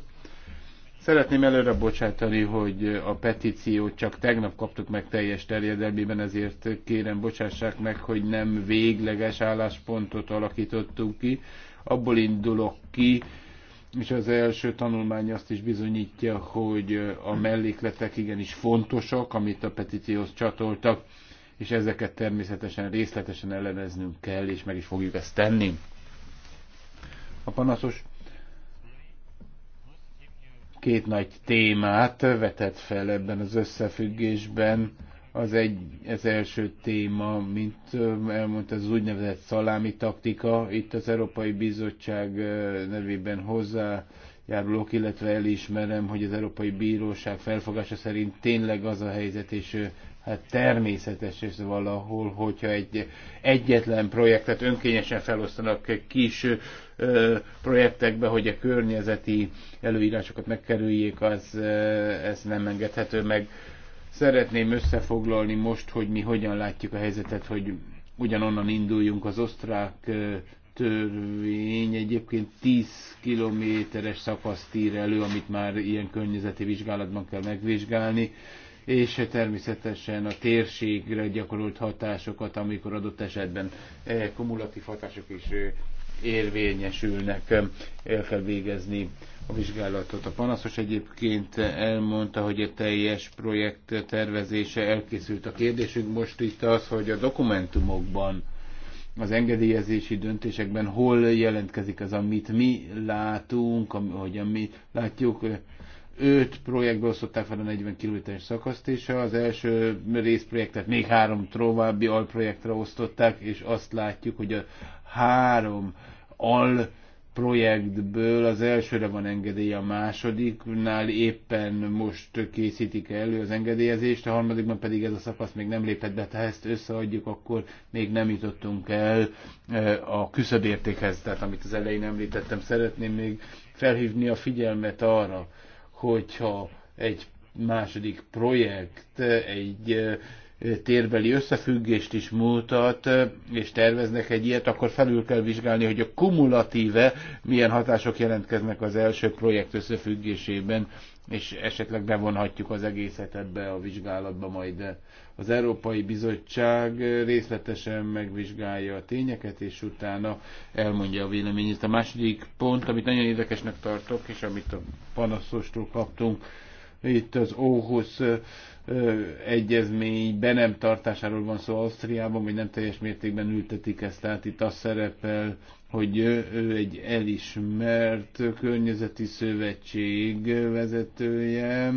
Szeretném előre bocsátani, hogy a petíciót csak tegnap kaptuk meg teljes terjedelmében, ezért kérem bocsássák meg, hogy nem végleges álláspontot alakítottunk ki. Abból indulok ki, és az első tanulmány azt is bizonyítja, hogy a mellékletek igenis fontosak, amit a petícióhoz csatoltak és ezeket természetesen részletesen elemeznünk kell, és meg is fogjuk ezt tenni. A panaszos két nagy témát vetett fel ebben az összefüggésben. Az, egy, az első téma, mint elmondta, az úgynevezett szalámi taktika. Itt az Európai Bizottság nevében hozzá járulok, illetve elismerem, hogy az Európai Bíróság felfogása szerint tényleg az a helyzet, és Hát természetes ez valahol, hogyha egy egyetlen projektet önkényesen felosztanak kis ö, projektekbe, hogy a környezeti előírásokat megkerüljék, az ö, ez nem engedhető meg. Szeretném összefoglalni most, hogy mi hogyan látjuk a helyzetet, hogy ugyanonnan induljunk az osztrák ö, törvény egyébként 10 kilométeres szakaszt ír elő, amit már ilyen környezeti vizsgálatban kell megvizsgálni és természetesen a térségre gyakorolt hatásokat, amikor adott esetben eh, kumulatív hatások is eh, érvényesülnek, eh, el kell végezni a vizsgálatot. A panaszos egyébként elmondta, hogy a teljes projekt tervezése elkészült. A kérdésünk most itt az, hogy a dokumentumokban, az engedélyezési döntésekben hol jelentkezik az, amit mi látunk, hogy amit látjuk, öt projektből osztották fel a 40 kilométeres szakaszt, és az első részprojektet még három további alprojektre osztották, és azt látjuk, hogy a három al projektből az elsőre van engedély, a másodiknál éppen most készítik elő az engedélyezést, a harmadikban pedig ez a szakasz még nem lépett be, tehát ezt összeadjuk, akkor még nem jutottunk el eh, a küszöbértékhez, tehát amit az elején említettem, szeretném még felhívni a figyelmet arra, hogyha egy második projekt egy térbeli összefüggést is mutat, és terveznek egy ilyet, akkor felül kell vizsgálni, hogy a kumulatíve milyen hatások jelentkeznek az első projekt összefüggésében és esetleg bevonhatjuk az egészet ebbe a vizsgálatba majd. Az Európai Bizottság részletesen megvizsgálja a tényeket, és utána elmondja a véleményét. A második pont, amit nagyon érdekesnek tartok, és amit a panaszostól kaptunk, itt az Óhoz egyezmény be nem tartásáról van szó Ausztriában, vagy nem teljes mértékben ültetik ezt, tehát itt az szerepel, hogy ő egy elismert környezeti szövetség vezetője.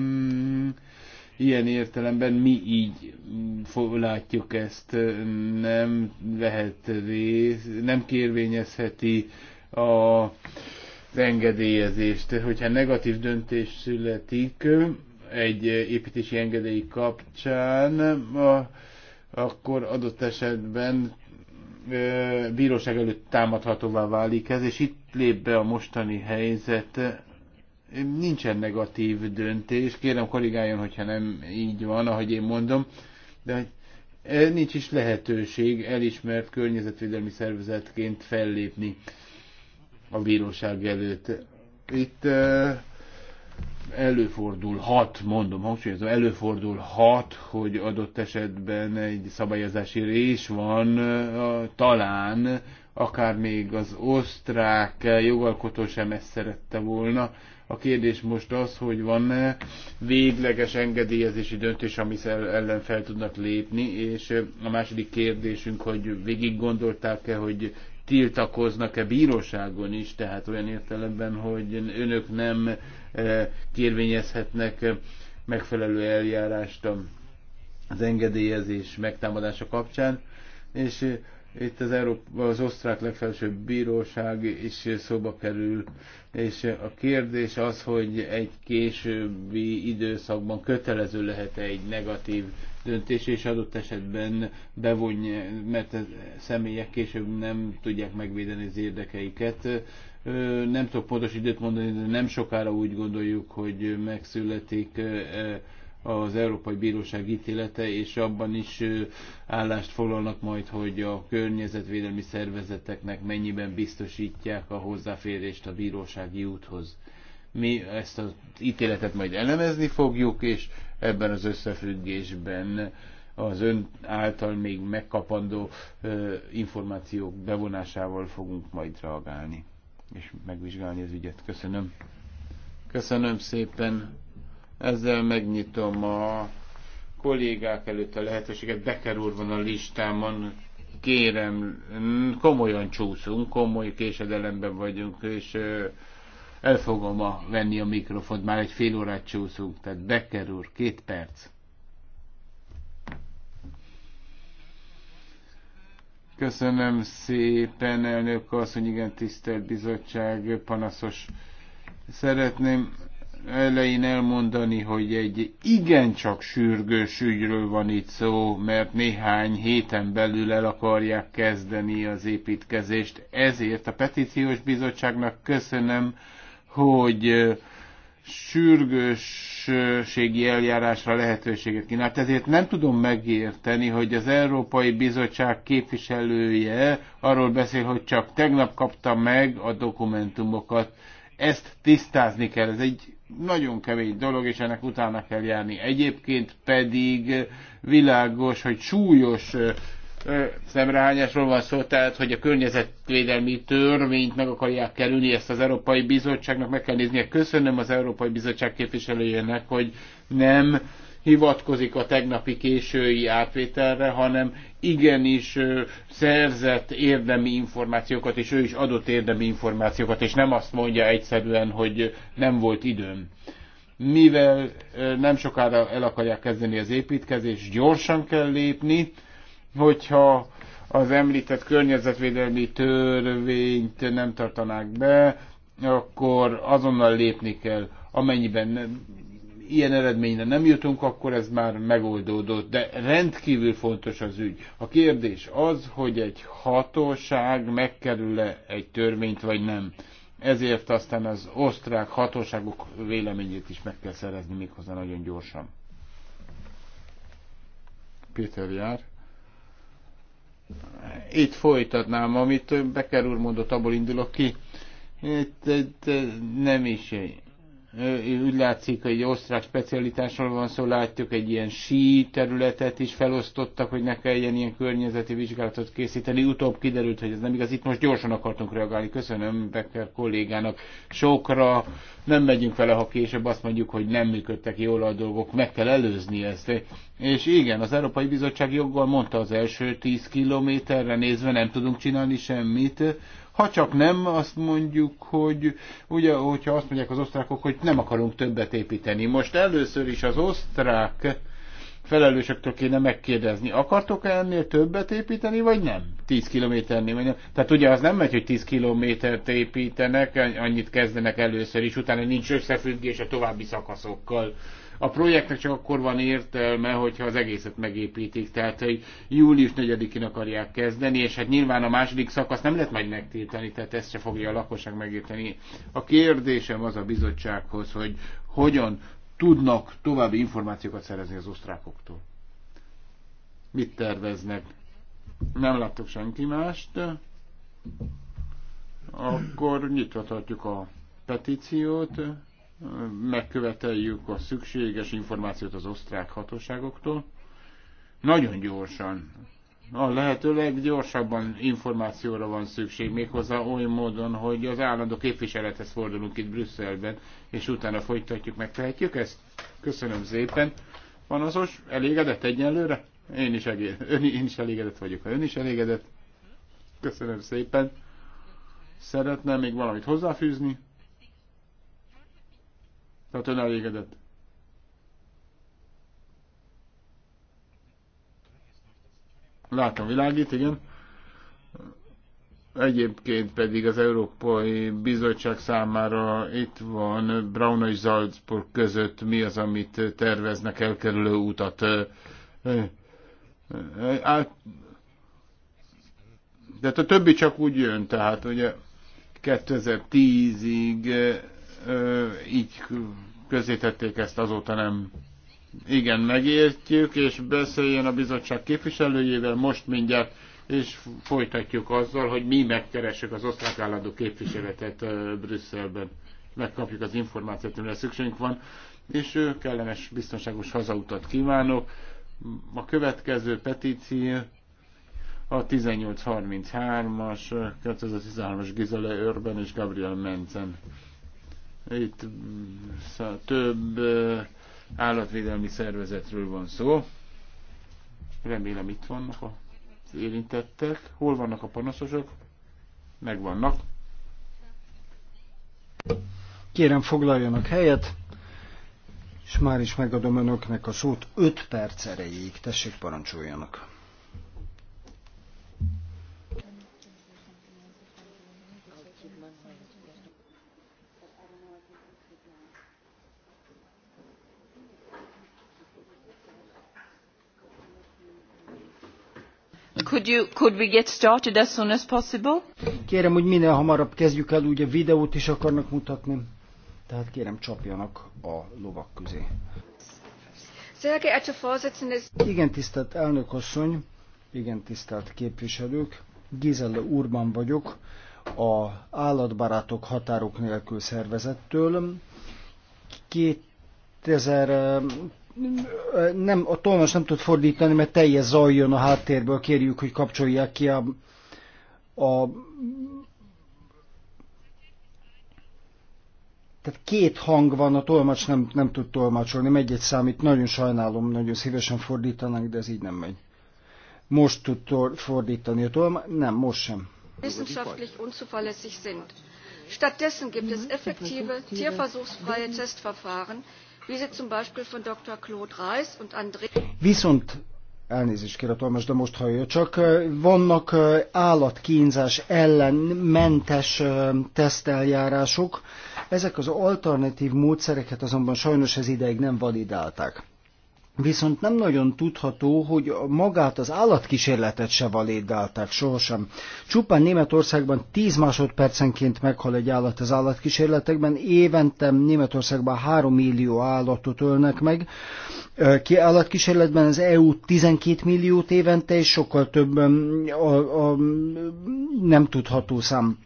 Ilyen értelemben mi így látjuk ezt, nem vehet rész, nem kérvényezheti a engedélyezést. Hogyha negatív döntés születik, egy építési engedély kapcsán, a, akkor adott esetben bíróság előtt támadhatóvá válik ez, és itt lép be a mostani helyzet. Nincsen negatív döntés, kérem korrigáljon, hogyha nem így van, ahogy én mondom, de nincs is lehetőség elismert környezetvédelmi szervezetként fellépni a bíróság előtt. Itt előfordulhat, mondom, hangsúlyozom, előfordulhat, hogy adott esetben egy szabályozási rés van, talán akár még az osztrák jogalkotó sem ezt szerette volna. A kérdés most az, hogy van -e végleges engedélyezési döntés, ami ellen fel tudnak lépni, és a második kérdésünk, hogy végig gondolták-e, hogy tiltakoznak-e bíróságon is, tehát olyan értelemben, hogy önök nem eh, kérvényezhetnek eh, megfelelő eljárást az engedélyezés megtámadása kapcsán, és eh, itt az, Európa, az osztrák legfelsőbb bíróság is szóba kerül, és a kérdés az, hogy egy későbbi időszakban kötelező lehet -e egy negatív döntés, és adott esetben bevonj, mert a személyek később nem tudják megvédeni az érdekeiket. Nem tudok pontos időt mondani, de nem sokára úgy gondoljuk, hogy megszületik az Európai Bíróság ítélete, és abban is állást foglalnak majd, hogy a környezetvédelmi szervezeteknek mennyiben biztosítják a hozzáférést a bírósági úthoz. Mi ezt az ítéletet majd elemezni fogjuk, és ebben az összefüggésben az ön által még megkapandó információk bevonásával fogunk majd reagálni és megvizsgálni az ügyet. Köszönöm. Köszönöm szépen. Ezzel megnyitom a kollégák előtt a lehetőséget. Becker úr van a listámon. Kérem, komolyan csúszunk, komoly késedelemben vagyunk, és el fogom a, venni a mikrofont, már egy fél órát csúszunk, tehát Becker úr, két perc. Köszönöm szépen, elnök asszony, igen, tisztelt bizottság, panaszos. Szeretném elején elmondani, hogy egy igencsak sürgős ügyről van itt szó, mert néhány héten belül el akarják kezdeni az építkezést. Ezért a petíciós bizottságnak köszönöm, hogy sürgősségi eljárásra lehetőséget kínált. Ezért nem tudom megérteni, hogy az Európai Bizottság képviselője arról beszél, hogy csak tegnap kapta meg a dokumentumokat. Ezt tisztázni kell, ez egy nagyon kemény dolog, és ennek utána kell járni. Egyébként pedig világos, hogy súlyos szemrehányásról van szó, tehát hogy a környezetvédelmi törvényt meg akarják kerülni, ezt az Európai Bizottságnak meg kell néznie. Köszönöm az Európai Bizottság képviselőjének, hogy nem hivatkozik a tegnapi késői átvételre, hanem igenis szerzett érdemi információkat, és ő is adott érdemi információkat, és nem azt mondja egyszerűen, hogy nem volt időm. Mivel nem sokára el akarják kezdeni az építkezés, gyorsan kell lépni, hogyha az említett környezetvédelmi törvényt nem tartanák be, akkor azonnal lépni kell, amennyiben ilyen eredményre nem jutunk, akkor ez már megoldódott. De rendkívül fontos az ügy. A kérdés az, hogy egy hatóság megkerül-e egy törvényt, vagy nem. Ezért aztán az osztrák hatóságok véleményét is meg kell szerezni méghozzá nagyon gyorsan. Péter jár. Itt folytatnám, amit Becker úr mondott, abból indulok ki. Itt, itt nem is úgy látszik, hogy egy osztrák specialitásról van szó, látjuk egy ilyen sí területet is felosztottak, hogy ne kelljen ilyen környezeti vizsgálatot készíteni. Utóbb kiderült, hogy ez nem igaz. Itt most gyorsan akartunk reagálni. Köszönöm Becker kollégának. Sokra nem megyünk vele, ha később azt mondjuk, hogy nem működtek jól a dolgok. Meg kell előzni ezt. És igen, az Európai Bizottság joggal mondta az első 10 kilométerre nézve nem tudunk csinálni semmit ha csak nem, azt mondjuk, hogy ugye, hogyha azt mondják az osztrákok, hogy nem akarunk többet építeni. Most először is az osztrák felelősöktől kéne megkérdezni, akartok-e ennél többet építeni, vagy nem? 10 kilométernél, vagy nem? Tehát ugye az nem megy, hogy 10 kilométert építenek, annyit kezdenek először is, utána nincs összefüggés a további szakaszokkal. A projektnek csak akkor van értelme, hogyha az egészet megépítik, tehát hogy július 4-én akarják kezdeni, és hát nyilván a második szakasz nem lehet majd megtiltani, tehát ezt se fogja a lakosság megérteni. A kérdésem az a bizottsághoz, hogy hogyan tudnak további információkat szerezni az osztrákoktól. Mit terveznek? Nem láttok senki mást. Akkor nyitva tartjuk a petíciót megköveteljük a szükséges információt az osztrák hatóságoktól. Nagyon gyorsan, a lehető leggyorsabban információra van szükség, méghozzá oly módon, hogy az állandó képviselethez fordulunk itt Brüsszelben, és utána folytatjuk, megtehetjük ezt. Köszönöm szépen. Van azos, elégedett egyenlőre? Én is, egész, ön, én is elégedett vagyok, ha ön is elégedett. Köszönöm szépen. Szeretném még valamit hozzáfűzni? Tehát ön elégedett. Látom, világít, igen. Egyébként pedig az Európai Bizottság számára itt van Brauna és Salzburg között mi az, amit terveznek elkerülő utat. De a többi csak úgy jön, tehát ugye 2010-ig így közzétették ezt, azóta nem. Igen, megértjük, és beszéljen a bizottság képviselőjével most mindjárt, és folytatjuk azzal, hogy mi megkeressük az osztrák állandó képviseletet Brüsszelben. Megkapjuk az információt, amire szükségünk van, és kellemes, biztonságos hazautat kívánok. A következő petíció a 1833-as, 2013-as Gizele Örben és Gabriel Mencen itt mm, szóval több állatvédelmi szervezetről van szó. Remélem itt vannak az érintettek. Hol vannak a panaszosok? Megvannak.
Kérem foglaljanak helyet, és már is megadom önöknek a szót 5 perc erejéig. Tessék parancsoljanak.
Could, you, could we get started as soon as possible?
Kérem, hogy minél hamarabb kezdjük el, ugye videót is akarnak mutatni. Tehát kérem, csapjanak a lovak közé. Igen, tisztelt elnökasszony, igen, tisztelt képviselők. Gizella Urban vagyok, a Állatbarátok Határok Nélkül szervezettől. Két 2000 nem, a tolmas nem tud fordítani, mert teljes zaj jön a háttérből, kérjük, hogy kapcsolják ki a, a tehát két hang van, a tolmács nem, nem tud tolmácsolni, megy egy számít, nagyon sajnálom, nagyon szívesen fordítanak, de ez így nem megy. Most tud fordítani a tolmács, nem, most sem.
Wissenschaftlich unzuverlässig sind. Stattdessen gibt es mhm. effektive, tierversuchsfreie Testverfahren,
Viszont elnézést kér a tolmas, de most hallja, csak vannak állatkínzás ellen mentes teszteljárások, ezek az alternatív módszereket azonban sajnos ez ideig nem validálták. Viszont nem nagyon tudható, hogy magát az állatkísérletet se validálták sohasem. Csupán Németországban 10 másodpercenként meghal egy állat az állatkísérletekben, évente Németországban 3 millió állatot ölnek meg. Ki állatkísérletben az EU 12 milliót évente, és sokkal több a, a, nem tudható szám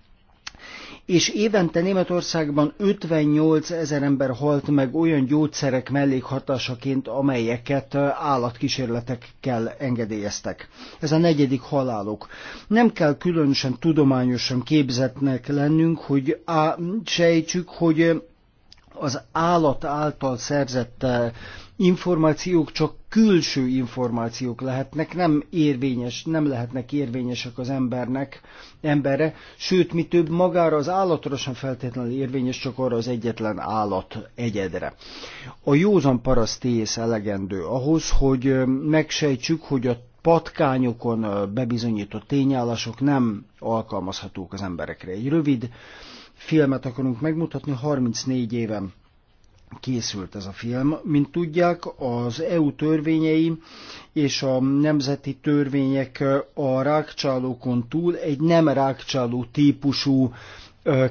és évente Németországban 58 ezer ember halt meg olyan gyógyszerek mellékhatásaként, amelyeket állatkísérletekkel engedélyeztek. Ez a negyedik halálok. Nem kell különösen tudományosan képzetnek lennünk, hogy á, sejtsük, hogy az állat által szerzett eh, információk csak külső információk lehetnek, nem érvényes, nem lehetnek érvényesek az embernek, emberre, sőt, mi több magára az állatra sem feltétlenül érvényes, csak arra az egyetlen állat egyedre. A józan paraszt tész elegendő ahhoz, hogy eh, megsejtsük, hogy a patkányokon eh, bebizonyított tényállások nem alkalmazhatók az emberekre. Egy rövid filmet akarunk megmutatni, 34 éven készült ez a film. Mint tudják, az EU törvényei és a nemzeti törvények a rákcsálókon túl egy nem rákcsáló típusú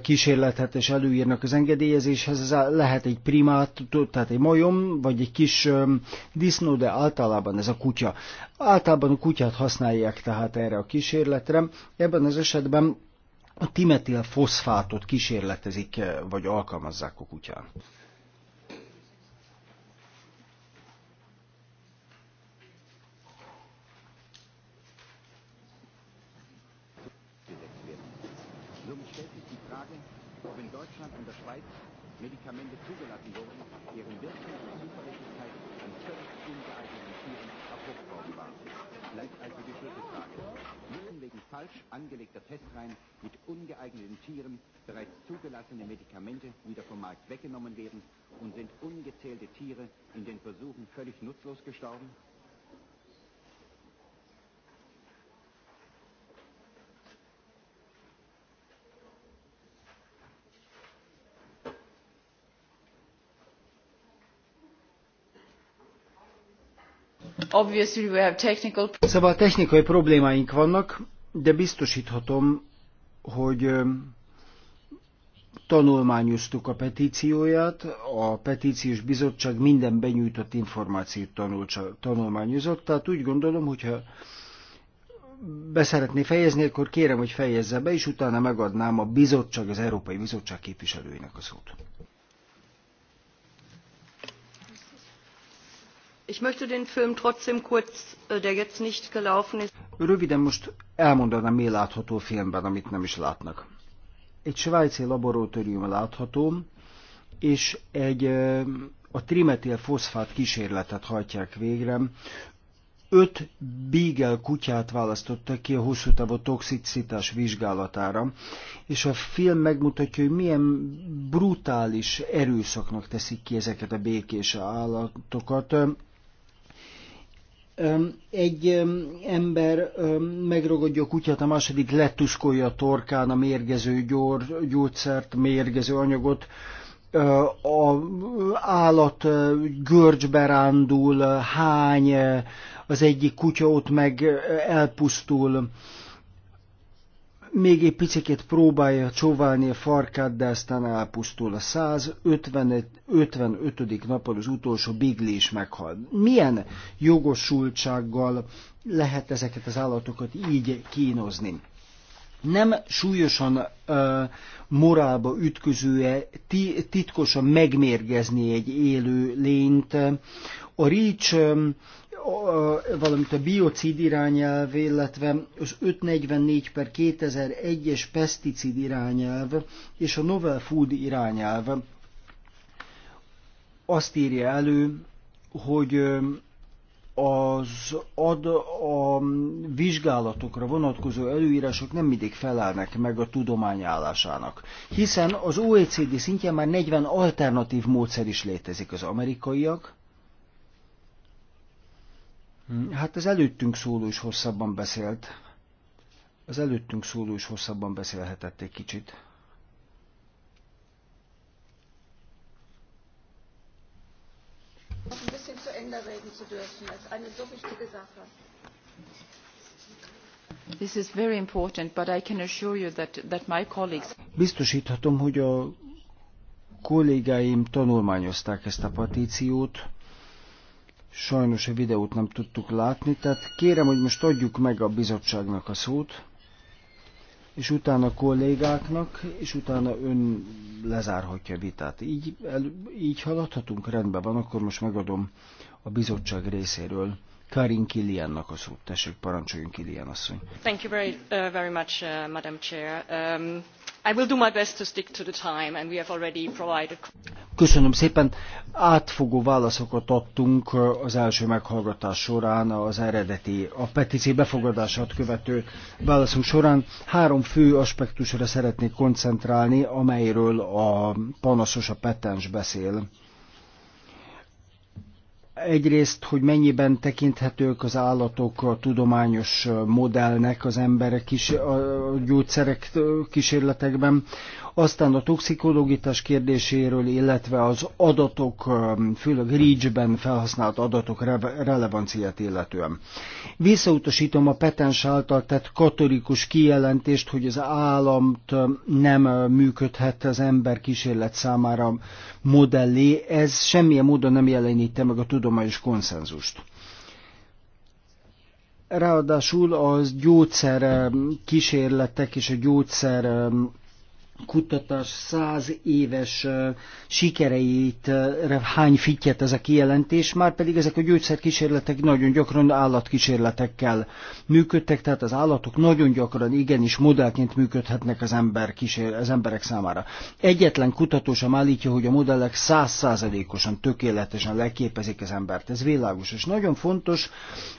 kísérletet és előírnak az engedélyezéshez, ez lehet egy primát, tehát egy majom, vagy egy kis disznó, de általában ez a kutya. Általában a kutyát használják tehát erre a kísérletre. Ebben az esetben a timetil foszfátot kísérletezik, vagy alkalmazzák a kutyán. falsch angelegter Testreihen mit ungeeigneten Tieren bereits zugelassene Medikamente wieder vom Markt weggenommen werden und sind ungezählte Tiere in den Versuchen völlig nutzlos gestorben? Obviously Szóval technikai problémáink vannak, de biztosíthatom, hogy tanulmányoztuk a petícióját, a petíciós bizottság minden benyújtott információt tanul, tanulmányozott, tehát úgy gondolom, hogyha beszeretné fejezni, akkor kérem, hogy fejezze be, és utána megadnám a bizottság, az Európai Bizottság képviselőinek a szót.
Ich möchte den Film trotzdem kurz, äh, der jetzt nicht gelaufen ist.
Röviden most elmondanám, mi látható filmben, amit nem is látnak. Egy svájci laboratórium látható, és egy a trimetil foszfát kísérletet hajtják végre. Öt bígel kutyát választottak ki a hosszú távú toxicitás vizsgálatára, és a film megmutatja, hogy milyen brutális erőszaknak teszik ki ezeket a békés állatokat egy ember megragadja a kutyát, a második letuskolja a torkán a mérgező gyor, gyógyszert, mérgező anyagot, a állat görcsbe rándul, hány, az egyik kutya ott meg elpusztul, még egy picit próbálja csóválni a farkát, de aztán elpusztul a 155. 55. napon az utolsó bigli is meghal. Milyen jogosultsággal lehet ezeket az állatokat így kínozni? nem súlyosan uh, morálba ütközője ti, titkosan megmérgezni egy élő lényt. A Rics um, valamint a biocid irányelv, illetve az 544 per 2001-es peszticid irányelv és a novel food irányelv azt írja elő, hogy az ad a vizsgálatokra vonatkozó előírások nem mindig felelnek meg a tudomány állásának. Hiszen az OECD szintjén már 40 alternatív módszer is létezik az amerikaiak, Mm, hát az előttünk szóló is hosszabban beszélt. Az előttünk szóló is hosszabban beszélhetett egy kicsit.
This is very important, but I can assure you that, that my colleagues...
Biztosíthatom, hogy a kollégáim tanulmányozták ezt a petíciót, Sajnos a videót nem tudtuk látni, tehát kérem, hogy most adjuk meg a bizottságnak a szót, és utána a kollégáknak, és utána ön lezárhatja a vitát. Így, el, így haladhatunk, rendben van, akkor most megadom a bizottság részéről. Karin Kiliannak a szót. Tessék, parancsoljon Kilian asszony.
Thank you very, uh, very much, uh, Madam Chair. Um,
Köszönöm szépen. Átfogó válaszokat adtunk az első meghallgatás során, az eredeti, a petíció befogadását követő válaszunk során. Három fő aspektusra szeretnék koncentrálni, amelyről a panaszos a petens beszél egyrészt, hogy mennyiben tekinthetők az állatok a tudományos modellnek az emberek is a gyógyszerek kísérletekben, aztán a toxikológitás kérdéséről, illetve az adatok, um, főleg REACH-ben felhasznált adatok relevanciát illetően. Visszautasítom a petens által tett katolikus kijelentést, hogy az államt um, nem uh, működhet az ember kísérlet számára modellé. Ez semmilyen módon nem jelenítte meg a tudományos konszenzust. Ráadásul az gyógyszer um, kísérletek és a gyógyszer kutatás száz éves sikereit hány fittyet ez a kijelentés, már pedig ezek a gyógyszerkísérletek nagyon gyakran állatkísérletekkel működtek, tehát az állatok nagyon gyakran igenis modellként működhetnek az, ember kísér, az emberek számára. Egyetlen kutató sem állítja, hogy a modellek százszázalékosan, tökéletesen leképezik az embert. Ez világos, és nagyon fontos,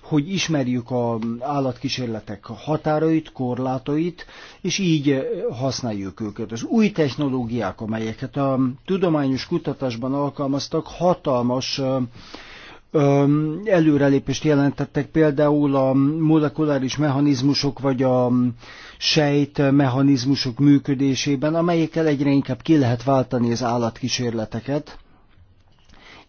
hogy ismerjük az állatkísérletek határait, korlátait, és így használjuk őket. Az új technológiák, amelyeket a tudományos kutatásban alkalmaztak, hatalmas előrelépést jelentettek például a molekuláris mechanizmusok vagy a sejt mechanizmusok működésében, amelyekkel egyre inkább ki lehet váltani az állatkísérleteket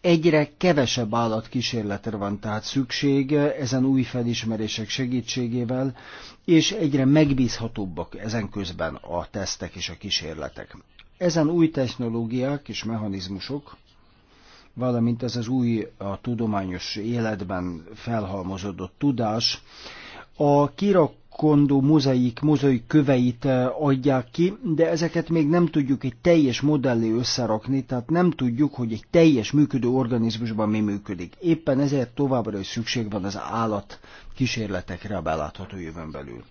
Egyre kevesebb állatkísérletre van tehát szükség ezen új felismerések segítségével, és egyre megbízhatóbbak ezen közben a tesztek és a kísérletek. Ezen új technológiák és mechanizmusok, valamint ez az új a tudományos életben felhalmozódott tudás, a kirak kondó mozaik, mozaik köveit eh, adják ki, de ezeket még nem tudjuk egy teljes modellé összerakni, tehát nem tudjuk, hogy egy teljes működő organizmusban mi működik. Éppen ezért továbbra is szükség van az állat kísérletekre a belátható jövőn belül.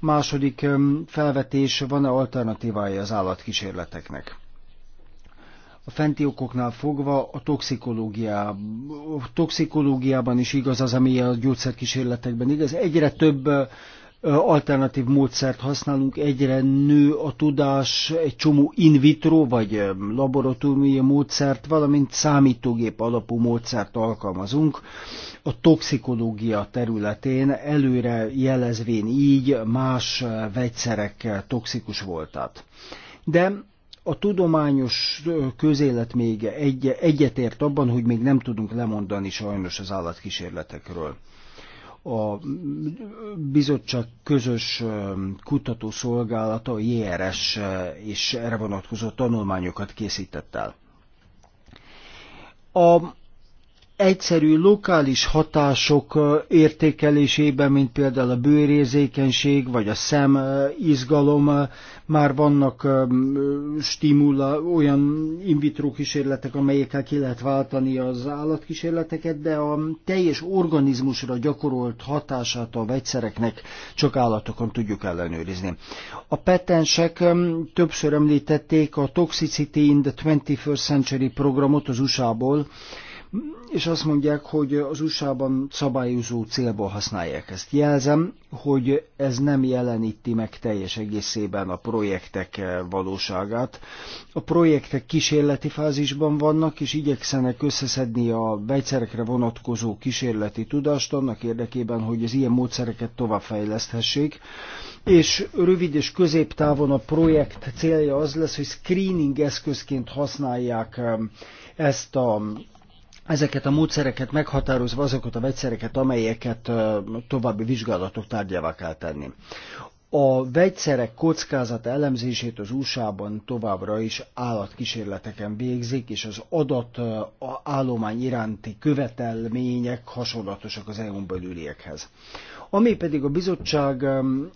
Második eh, felvetés, van-e alternatívája az állatkísérleteknek? A fenti okoknál fogva a, toxikológiá, a toxikológiában is igaz az, ami a gyógyszerkísérletekben igaz. Egyre több alternatív módszert használunk, egyre nő a tudás, egy csomó in vitro vagy laboratóriumi módszert, valamint számítógép alapú módszert alkalmazunk a toxikológia területén, előre jelezvén így más vegyszerek toxikus voltát. De a tudományos közélet még egy, egyetért abban, hogy még nem tudunk lemondani sajnos az állatkísérletekről. A bizottság közös kutatószolgálata, a JRS és erre vonatkozó tanulmányokat készített el. A egyszerű lokális hatások értékelésében, mint például a bőrérzékenység vagy a szem izgalom, már vannak stimula, olyan in vitro kísérletek, amelyekkel ki lehet váltani az állatkísérleteket, de a teljes organizmusra gyakorolt hatását a vegyszereknek csak állatokon tudjuk ellenőrizni. A petensek többször említették a Toxicity in the 21st Century programot az USA-ból, és azt mondják, hogy az USA-ban szabályozó célból használják ezt. Jelzem, hogy ez nem jeleníti meg teljes egészében a projektek eh, valóságát. A projektek kísérleti fázisban vannak, és igyekszenek összeszedni a vegyszerekre vonatkozó kísérleti tudást annak érdekében, hogy az ilyen módszereket továbbfejleszthessék. És rövid és középtávon a projekt célja az lesz, hogy screening eszközként használják eh, ezt a ezeket a módszereket meghatározva azokat a vegyszereket, amelyeket további vizsgálatok tárgyává kell tenni. A vegyszerek kockázat elemzését az USA-ban továbbra is állatkísérleteken végzik, és az adat állomány iránti követelmények hasonlatosak az EU-n belüliekhez. Ami pedig a bizottság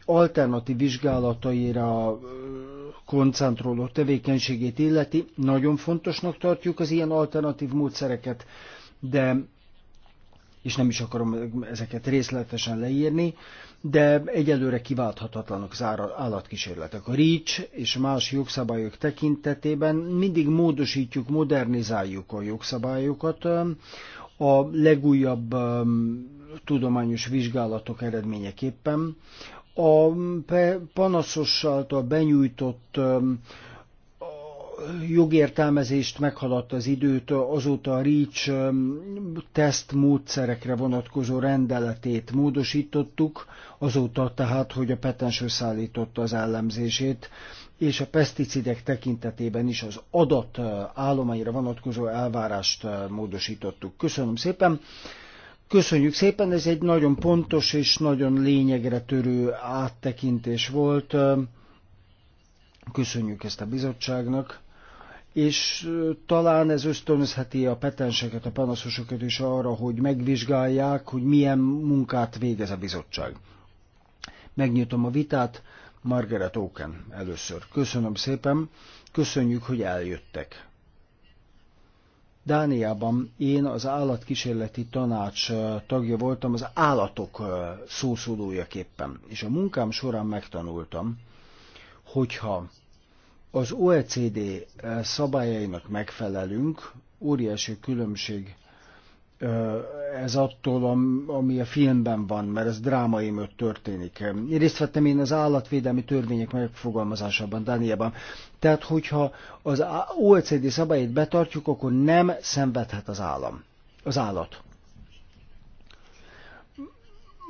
alternatív vizsgálataira koncentroló tevékenységét illeti. Nagyon fontosnak tartjuk az ilyen alternatív módszereket, de és nem is akarom ezeket részletesen leírni, de egyelőre kiválthatatlanok az állatkísérletek. A REACH és más jogszabályok tekintetében mindig módosítjuk, modernizáljuk a jogszabályokat, a legújabb um, tudományos vizsgálatok eredményeképpen a panaszossal benyújtott jogértelmezést meghaladt az időt, azóta a REACH teszt módszerekre vonatkozó rendeletét módosítottuk, azóta tehát, hogy a petens összeállította az ellenzését, és a peszticidek tekintetében is az adat állományra vonatkozó elvárást módosítottuk. Köszönöm szépen! Köszönjük szépen, ez egy nagyon pontos és nagyon lényegre törő áttekintés volt. Köszönjük ezt a bizottságnak, és talán ez ösztönözheti a petenseket, a panaszosokat is arra, hogy megvizsgálják, hogy milyen munkát végez a bizottság. Megnyitom a vitát, Margaret Oken először. Köszönöm szépen, köszönjük, hogy eljöttek. Dániában én az állatkísérleti tanács tagja voltam, az állatok szószólójaképpen. És a munkám során megtanultam, hogyha az OECD szabályainak megfelelünk, óriási különbség ez attól, ami a filmben van, mert ez drámai mögött történik. Én részt vettem én az állatvédelmi törvények megfogalmazásában Dániában. Tehát, hogyha az OECD szabályait betartjuk, akkor nem szenvedhet az állam, az állat.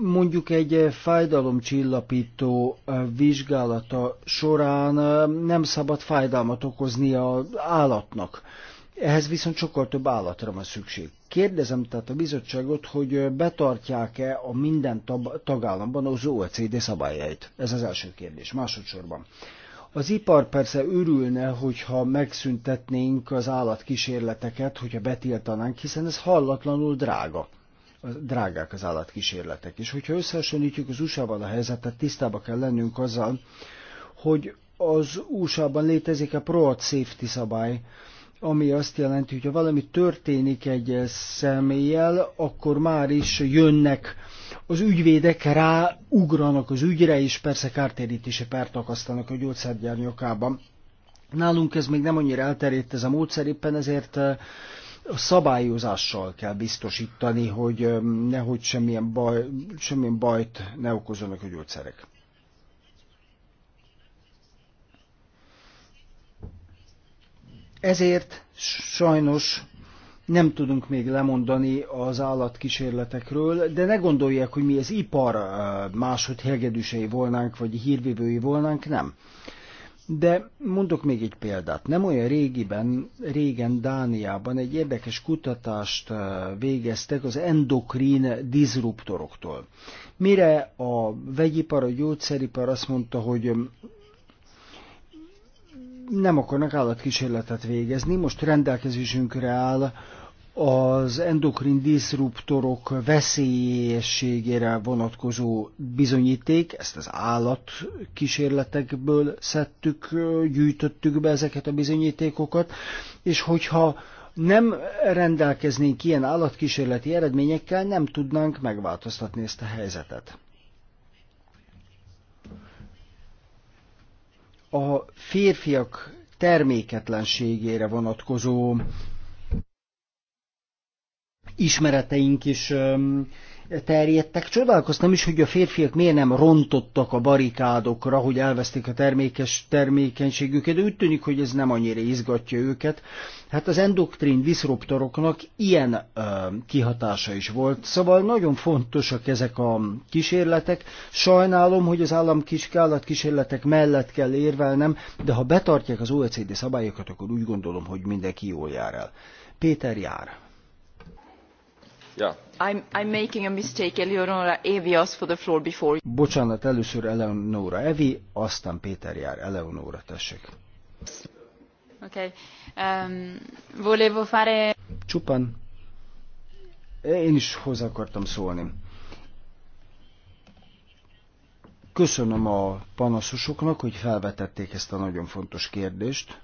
Mondjuk egy fájdalomcsillapító vizsgálata során nem szabad fájdalmat okozni az állatnak ehhez viszont sokkal több állatra van szükség. Kérdezem tehát a bizottságot, hogy betartják-e a minden tagállamban az OECD szabályait? Ez az első kérdés. Másodszorban. Az ipar persze örülne, hogyha megszüntetnénk az állatkísérleteket, hogyha betiltanánk, hiszen ez hallatlanul drága. Drágák az állatkísérletek. És hogyha összehasonlítjuk az USA-val a helyzetet, tisztába kell lennünk azzal, hogy az USA-ban létezik a Pro Safety szabály, ami azt jelenti, hogy ha valami történik egy eh, személlyel, akkor már is jönnek az ügyvédek rá, ugranak az ügyre, és persze kártérítési pert akasztanak a gyógyszergyár nyakában. Nálunk ez még nem annyira elterjedt ez a módszer, éppen ezért eh, a szabályozással kell biztosítani, hogy eh, nehogy semmilyen, baj, semmilyen bajt ne okozzanak a gyógyszerek. Ezért sajnos nem tudunk még lemondani az állatkísérletekről, de ne gondolják, hogy mi az ipar máshogy helgedűsei volnánk, vagy hírvívői volnánk, nem. De mondok még egy példát. Nem olyan régiben, régen Dániában egy érdekes kutatást végeztek az endokrin diszruptoroktól. Mire a vegyipar, a gyógyszeripar azt mondta, hogy nem akarnak állatkísérletet végezni. Most rendelkezésünkre áll az endokrin diszruptorok veszélyességére vonatkozó bizonyíték, ezt az állatkísérletekből szedtük, gyűjtöttük be ezeket a bizonyítékokat, és hogyha nem rendelkeznénk ilyen állatkísérleti eredményekkel, nem tudnánk megváltoztatni ezt a helyzetet. a férfiak terméketlenségére vonatkozó ismereteink is terjedtek. Csodálkoztam is, hogy a férfiak miért nem rontottak a barikádokra, hogy elveszték a termékes termékenységüket, de úgy tűnik, hogy ez nem annyira izgatja őket. Hát az endoktrin diszruptoroknak ilyen ö, kihatása is volt, szóval nagyon fontosak ezek a kísérletek. Sajnálom, hogy az államkiskálat kísérletek mellett kell érvelnem, de ha betartják az OECD szabályokat, akkor úgy gondolom, hogy mindenki jól jár el. Péter jár. Ja, Bocsánat, először Eleonora Evi, aztán Péter jár. Eleonora, tessék.
Okay. Um, volevo fare...
Csupan. Én is hozzá akartam szólni. Köszönöm a panaszosoknak, hogy felvetették ezt a nagyon fontos kérdést,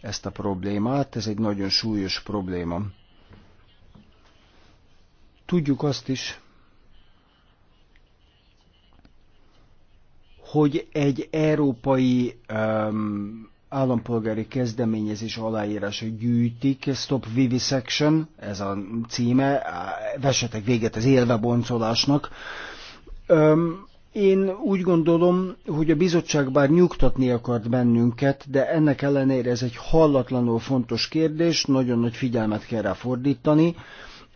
ezt a problémát. Ez egy nagyon súlyos probléma Tudjuk azt is, hogy egy európai um, állampolgári kezdeményezés aláírása gyűjtik, Stop Vivisection, ez a címe, vesetek véget az élve boncolásnak. Um, én úgy gondolom, hogy a bizottság bár nyugtatni akart bennünket, de ennek ellenére ez egy hallatlanul fontos kérdés, nagyon nagy figyelmet kell rá fordítani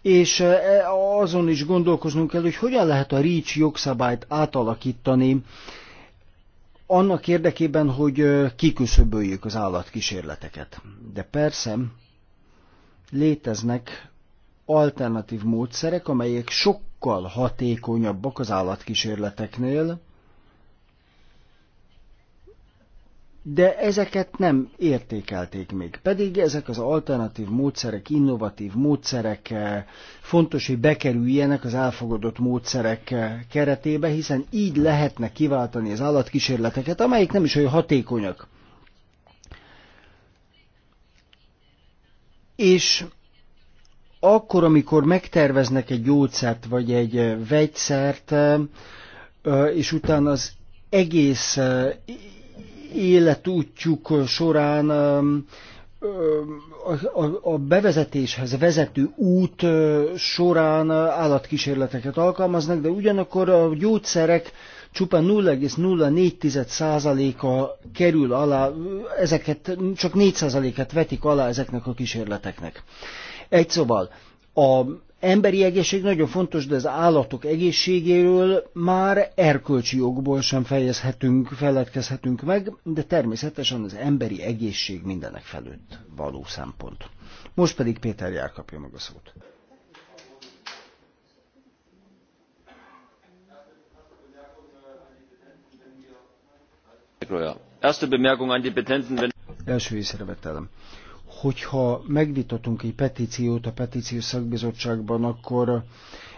és e, azon is gondolkoznunk kell, hogy hogyan lehet a REACH jogszabályt átalakítani, annak érdekében, hogy kiküszöböljük az állatkísérleteket. De persze léteznek alternatív módszerek, amelyek sokkal hatékonyabbak az állatkísérleteknél, de ezeket nem értékelték még. Pedig ezek az alternatív módszerek, innovatív módszerek eh, fontos, hogy bekerüljenek az elfogadott módszerek eh, keretébe, hiszen így lehetne kiváltani az állatkísérleteket, amelyik nem is olyan hatékonyak. És akkor, amikor megterveznek egy gyógyszert vagy egy eh, vegyszert, és utána az egész életútjuk során um, um, a bevezetéshez vezető út uh, során uh, állatkísérleteket alkalmaznak, de ugyanakkor a gyógyszerek csupán 0,04%-a kerül alá, ezeket csak 4%-et vetik alá ezeknek a kísérleteknek. Egy szóval, a emberi egészség nagyon fontos, de az állatok egészségéről már erkölcsi jogból sem fejezhetünk, feledkezhetünk meg, de természetesen az emberi egészség mindenek felőtt való szempont. Most pedig Péter Jár kapja meg a szót. Első észrevetelem hogyha megvitatunk egy petíciót a petíciós szakbizottságban, akkor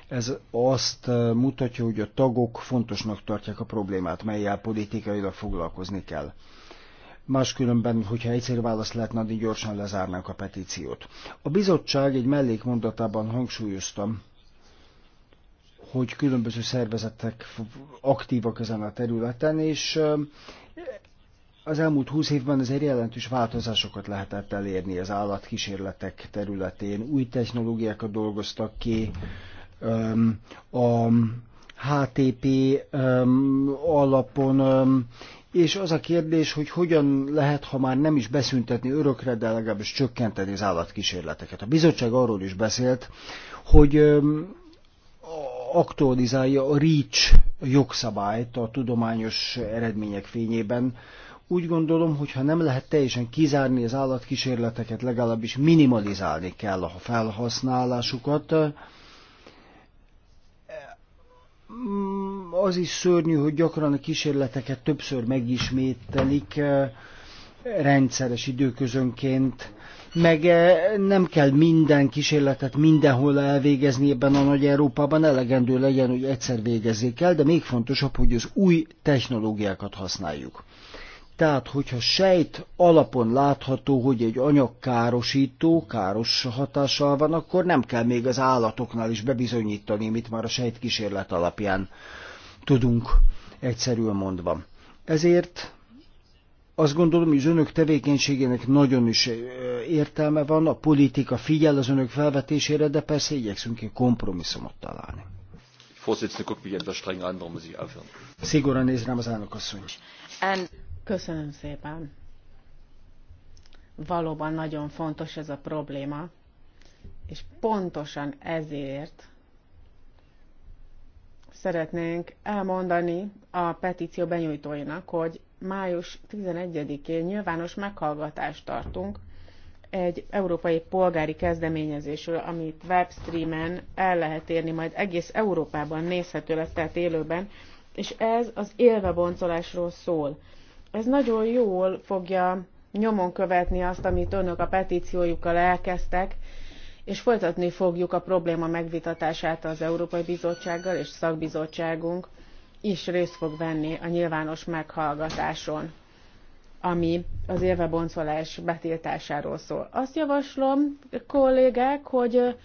ez azt eh, mutatja, hogy a tagok fontosnak tartják a problémát, melyel politikailag foglalkozni kell. Máskülönben, hogyha egyszerű választ lehetne adni, gyorsan lezárnánk a petíciót. A bizottság egy mellékmondatában hangsúlyoztam, hogy különböző szervezetek aktívak ezen a területen, és eh, az elmúlt húsz évben azért jelentős változásokat lehetett elérni az állatkísérletek területén. Új technológiákat dolgoztak ki, a HTP alapon, és az a kérdés, hogy hogyan lehet, ha már nem is beszüntetni örökre, de legalábbis csökkenteni az állatkísérleteket. A bizottság arról is beszélt, hogy aktualizálja a REACH jogszabályt a tudományos eredmények fényében. Úgy gondolom, hogy ha nem lehet teljesen kizárni az állatkísérleteket, legalábbis minimalizálni kell a felhasználásukat. Mm, az is szörnyű, hogy gyakran a kísérleteket többször megismételik eh, rendszeres időközönként meg eh, nem kell minden kísérletet mindenhol elvégezni ebben a nagy Európában, elegendő legyen, hogy egyszer végezzék el, de még fontosabb, hogy az új technológiákat használjuk. Tehát, hogyha sejt alapon látható, hogy egy anyag károsító, káros hatással van, akkor nem kell még az állatoknál is bebizonyítani, mit már a sejtkísérlet alapján tudunk, egyszerűen mondva. Ezért azt gondolom, hogy az önök tevékenységének nagyon is értelme van, a politika figyel az önök felvetésére, de persze igyekszünk egy kompromisszumot találni. Szigorúan néz rám az elnök asszony.
Köszönöm szépen. Valóban nagyon fontos ez a probléma, és pontosan ezért szeretnénk elmondani a petíció benyújtóinak, hogy május 11-én nyilvános meghallgatást tartunk egy európai polgári kezdeményezésről, amit webstreamen el lehet érni, majd egész Európában nézhető lesz, tehát élőben, és ez az boncolásról szól. Ez nagyon jól fogja nyomon követni azt, amit önök a petíciójukkal elkezdtek, és folytatni fogjuk a probléma megvitatását az Európai Bizottsággal és szakbizottságunk is részt fog venni a nyilvános meghallgatáson, ami az élveboncolás betiltásáról szól. Azt javaslom, kollégák, hogy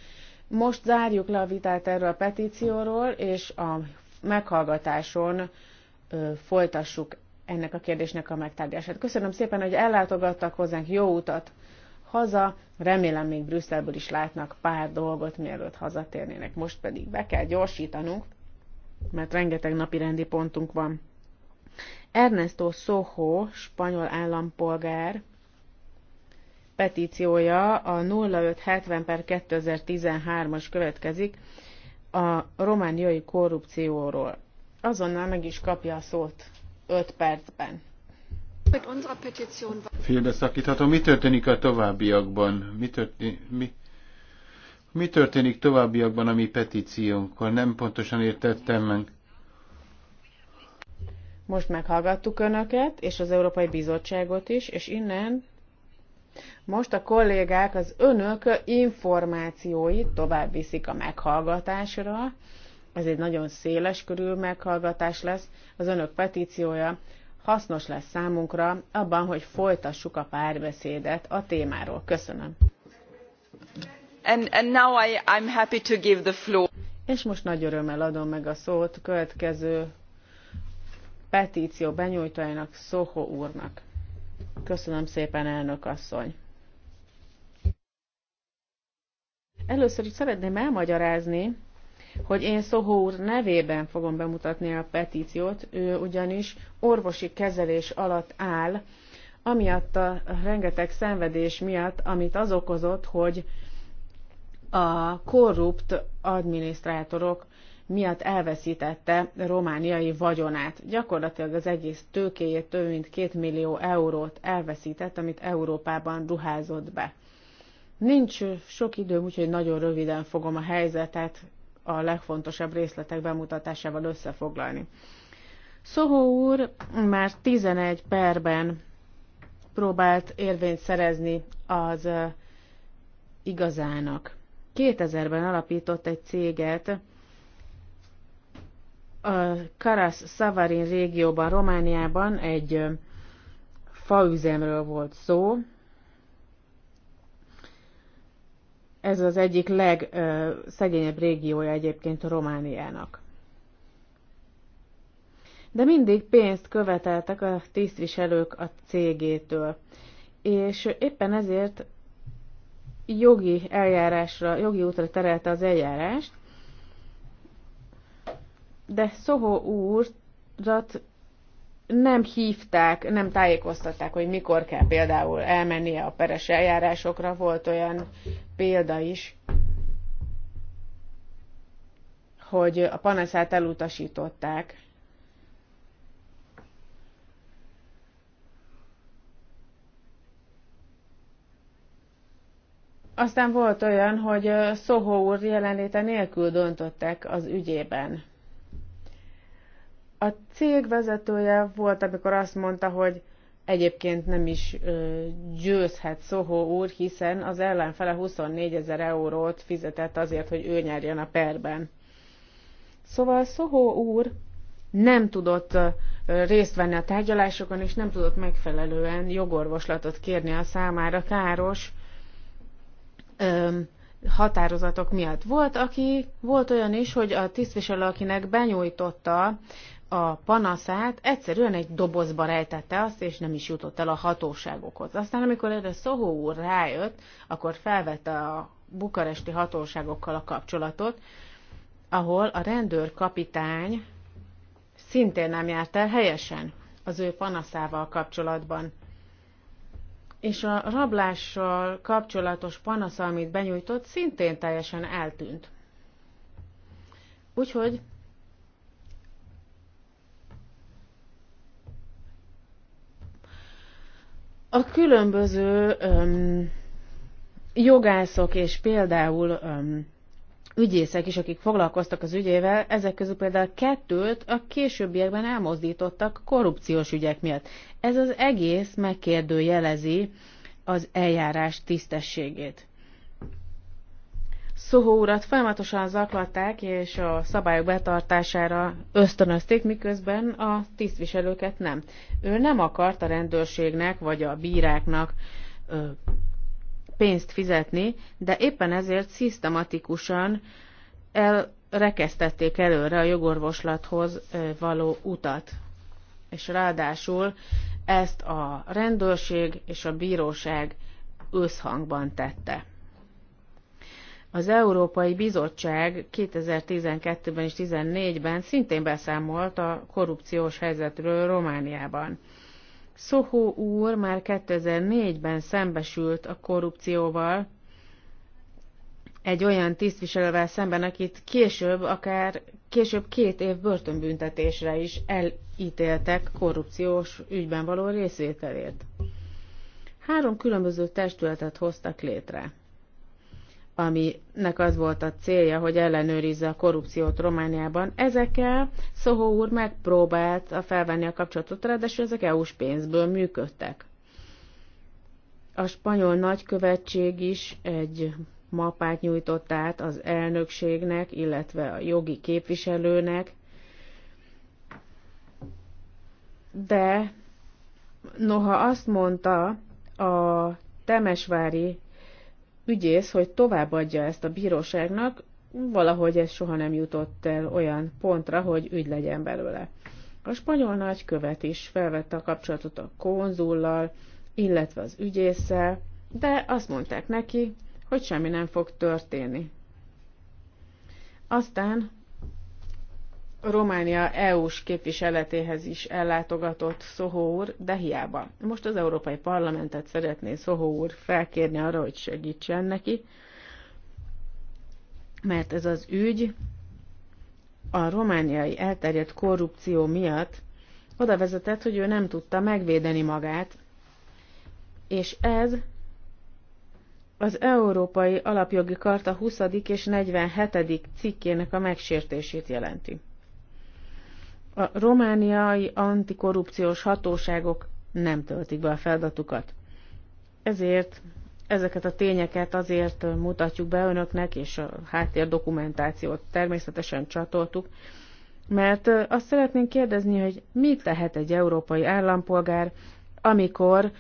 most zárjuk le a vitát erről a petícióról, és a meghallgatáson folytassuk ennek a kérdésnek a megtárgyását. Köszönöm szépen, hogy ellátogattak hozzánk, jó utat haza, remélem még Brüsszelből is látnak pár dolgot, mielőtt hazatérnének. Most pedig be kell gyorsítanunk, mert rengeteg napi rendi pontunk van. Ernesto Soho, spanyol állampolgár, petíciója a 0570 per 2013-as következik a romániai korrupcióról. Azonnal meg is kapja a szót 5 percben.
Félbeszakíthatom, mi történik a továbbiakban? Mi történik? Mi? Mi történik továbbiakban a mi petíciónkkal? Nem pontosan értettem meg.
Most meghallgattuk Önöket, és az Európai Bizottságot is, és innen most a kollégák az Önök információit tovább viszik a meghallgatásra. Ez egy nagyon széles körül meghallgatás lesz. Az Önök petíciója hasznos lesz számunkra abban, hogy folytassuk a párbeszédet a témáról. Köszönöm. És most nagy örömmel adom meg a szót következő petíció benyújtójának, Szoho úrnak. Köszönöm szépen, elnök asszony. Először is szeretném elmagyarázni, hogy én Szohó úr nevében fogom bemutatni a petíciót, ő ugyanis orvosi kezelés alatt áll, amiatt a rengeteg szenvedés miatt, amit az okozott, hogy a korrupt adminisztrátorok miatt elveszítette romániai vagyonát. Gyakorlatilag az egész tőkéjét több mint két millió eurót elveszített, amit Európában ruházott be. Nincs sok időm, úgyhogy nagyon röviden fogom a helyzetet a legfontosabb részletek bemutatásával összefoglalni. Szohó úr már 11 perben próbált érvényt szerezni az igazának. 2000-ben alapított egy céget a Karasz-Szavarin régióban, Romániában egy faüzemről volt szó. Ez az egyik legszegényebb régiója egyébként a Romániának. De mindig pénzt követeltek a tisztviselők a cégétől, és éppen ezért jogi eljárásra, jogi útra terelte az eljárást, de Szohó úrat nem hívták, nem tájékoztatták, hogy mikor kell például elmennie a peres eljárásokra. Volt olyan példa is, hogy a panaszát elutasították, Aztán volt olyan, hogy Szohó úr jelenléte nélkül döntöttek az ügyében. A cég vezetője volt, amikor azt mondta, hogy egyébként nem is győzhet Szohó úr, hiszen az ellenfele 24 ezer eurót fizetett azért, hogy ő nyerjen a perben. Szóval Szohó úr nem tudott részt venni a tárgyalásokon, és nem tudott megfelelően jogorvoslatot kérni a számára káros öm, határozatok miatt. Volt, aki, volt olyan is, hogy a tisztviselő, akinek benyújtotta a panaszát, egyszerűen egy dobozba rejtette azt, és nem is jutott el a hatóságokhoz. Aztán, amikor erre Szohó úr rájött, akkor felvette a bukaresti hatóságokkal a kapcsolatot, ahol a rendőrkapitány szintén nem járt el helyesen az ő panaszával kapcsolatban és a rablással kapcsolatos panasz, amit benyújtott, szintén teljesen eltűnt. Úgyhogy a különböző öm, jogászok és például öm, ügyészek is, akik foglalkoztak az ügyével, ezek közül például kettőt a későbbiekben elmozdítottak korrupciós ügyek miatt. Ez az egész megkérdőjelezi az eljárás tisztességét. Szóhó urat folyamatosan zaklatták, és a szabályok betartására ösztönözték, miközben a tisztviselőket nem. Ő nem akart a rendőrségnek vagy a bíráknak ö, pénzt fizetni, de éppen ezért szisztematikusan elrekesztették előre a jogorvoslathoz való utat. És ráadásul ezt a rendőrség és a bíróság összhangban tette. Az Európai Bizottság 2012-ben és 2014-ben szintén beszámolt a korrupciós helyzetről Romániában. Szohó úr már 2004-ben szembesült a korrupcióval, egy olyan tisztviselővel szemben, akit később, akár később két év börtönbüntetésre is elítéltek korrupciós ügyben való részvételért. Három különböző testületet hoztak létre aminek az volt a célja, hogy ellenőrizze a korrupciót Romániában. Ezekkel Szohó úr megpróbált felvenni a kapcsolatot, ráadásul ezek EU-s pénzből működtek. A spanyol nagykövetség is egy mapát nyújtott át az elnökségnek, illetve a jogi képviselőnek, de noha azt mondta a Temesvári ügyész, hogy továbbadja ezt a bíróságnak, valahogy ez soha nem jutott el olyan pontra, hogy ügy legyen belőle. A spanyol nagykövet is felvette a kapcsolatot a konzullal, illetve az ügyésszel, de azt mondták neki, hogy semmi nem fog történni. Aztán Románia EU-s képviseletéhez is ellátogatott Szohó úr, de hiába. Most az Európai Parlamentet szeretné Szohó úr felkérni arra, hogy segítsen neki, mert ez az ügy a romániai elterjedt korrupció miatt oda vezetett, hogy ő nem tudta megvédeni magát, és ez az Európai Alapjogi Karta 20. és 47. cikkének a megsértését jelenti. A romániai antikorrupciós hatóságok nem töltik be a feladatukat. Ezért ezeket a tényeket azért mutatjuk be önöknek, és a háttér dokumentációt természetesen csatoltuk, mert azt szeretnénk kérdezni, hogy mit tehet egy európai állampolgár, amikor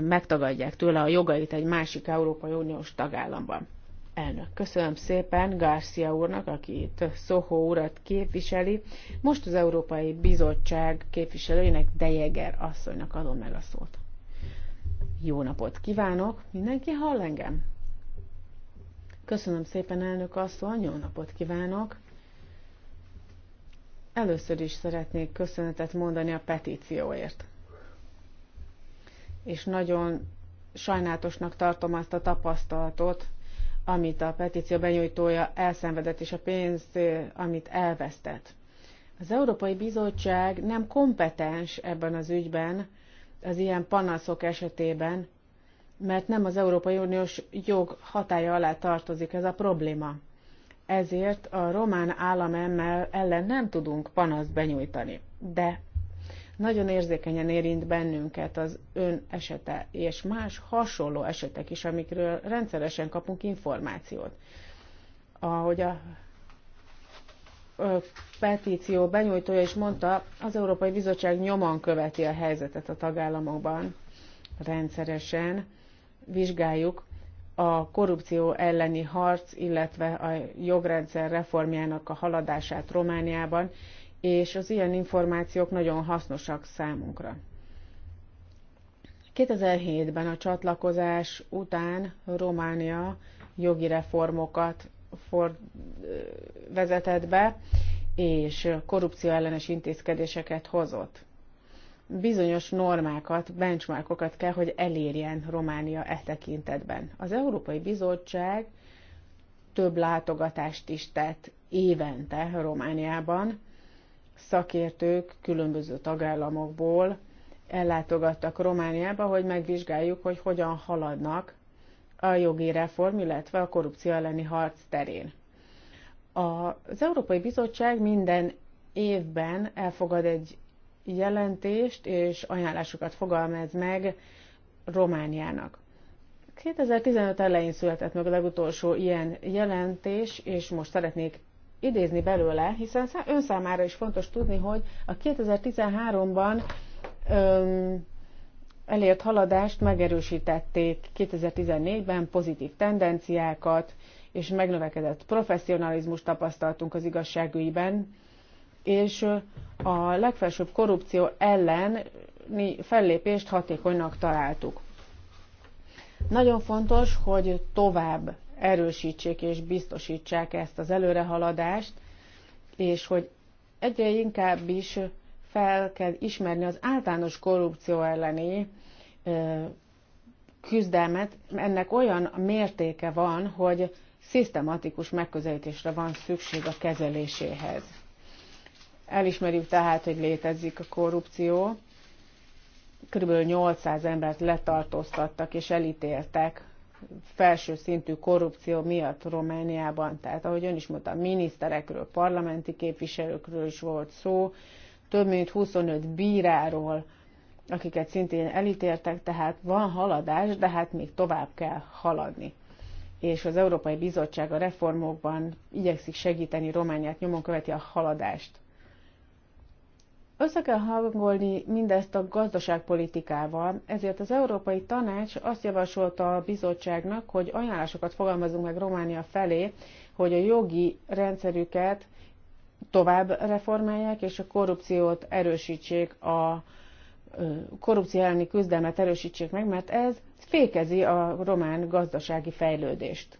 megtagadják tőle a jogait egy másik Európai Uniós tagállamban. Elnök, köszönöm szépen Garcia úrnak, aki itt Szohó urat képviseli. Most az Európai Bizottság képviselőjének Dejeger asszonynak adom meg a szót. Jó napot kívánok! Mindenki hall engem? Köszönöm szépen, elnök asszony, jó napot kívánok! Először is szeretnék köszönetet mondani a petícióért. És nagyon sajnálatosnak tartom azt a tapasztalatot, amit a petíció benyújtója elszenvedett, és a pénzt, amit elvesztett. Az Európai Bizottság nem kompetens ebben az ügyben, az ilyen panaszok esetében, mert nem az Európai Uniós jog hatája alá tartozik ez a probléma. Ezért a román állam ellen nem tudunk panaszt benyújtani. De nagyon érzékenyen érint bennünket az ön esete, és más hasonló esetek is, amikről rendszeresen kapunk információt. Ahogy a petíció benyújtója is mondta, az Európai Bizottság nyoman követi a helyzetet a tagállamokban rendszeresen. Vizsgáljuk a korrupció elleni harc, illetve a jogrendszer reformjának a haladását Romániában, és az ilyen információk nagyon hasznosak számunkra. 2007-ben a csatlakozás után Románia jogi reformokat for, vezetett be, és korrupció ellenes intézkedéseket hozott. Bizonyos normákat, benchmarkokat kell, hogy elérjen Románia e tekintetben. Az Európai Bizottság több látogatást is tett évente Romániában, szakértők különböző tagállamokból ellátogattak Romániába, hogy megvizsgáljuk, hogy hogyan haladnak a jogi reform, illetve a korrupció elleni harc terén. Az Európai Bizottság minden évben elfogad egy jelentést és ajánlásokat fogalmaz meg Romániának. 2015 elején született meg a legutolsó ilyen jelentés, és most szeretnék idézni belőle, hiszen ön számára is fontos tudni, hogy a 2013-ban elért haladást megerősítették 2014-ben pozitív tendenciákat, és megnövekedett professzionalizmus tapasztaltunk az igazságügyben, és a legfelsőbb korrupció elleni fellépést hatékonynak találtuk. Nagyon fontos, hogy tovább erősítsék és biztosítsák ezt az előrehaladást, és hogy egyre inkább is fel kell ismerni az általános korrupció elleni küzdelmet. Ennek olyan mértéke van, hogy szisztematikus megközelítésre van szükség a kezeléséhez. Elismerjük tehát, hogy létezik a korrupció. Körülbelül 800 embert letartóztattak és elítéltek felső szintű korrupció miatt Romániában. Tehát ahogy ön is mondta, miniszterekről, parlamenti képviselőkről is volt szó, több mint 25 bíráról, akiket szintén elítéltek, tehát van haladás, de hát még tovább kell haladni. És az Európai Bizottság a reformokban igyekszik segíteni Romániát, nyomon követi a haladást. Össze kell hangolni mindezt a gazdaságpolitikával, ezért az Európai Tanács azt javasolta a bizottságnak, hogy ajánlásokat fogalmazunk meg Románia felé, hogy a jogi rendszerüket tovább reformálják, és a korrupciót erősítsék, a korrupció elleni küzdelmet erősítsék meg, mert ez fékezi a román gazdasági fejlődést.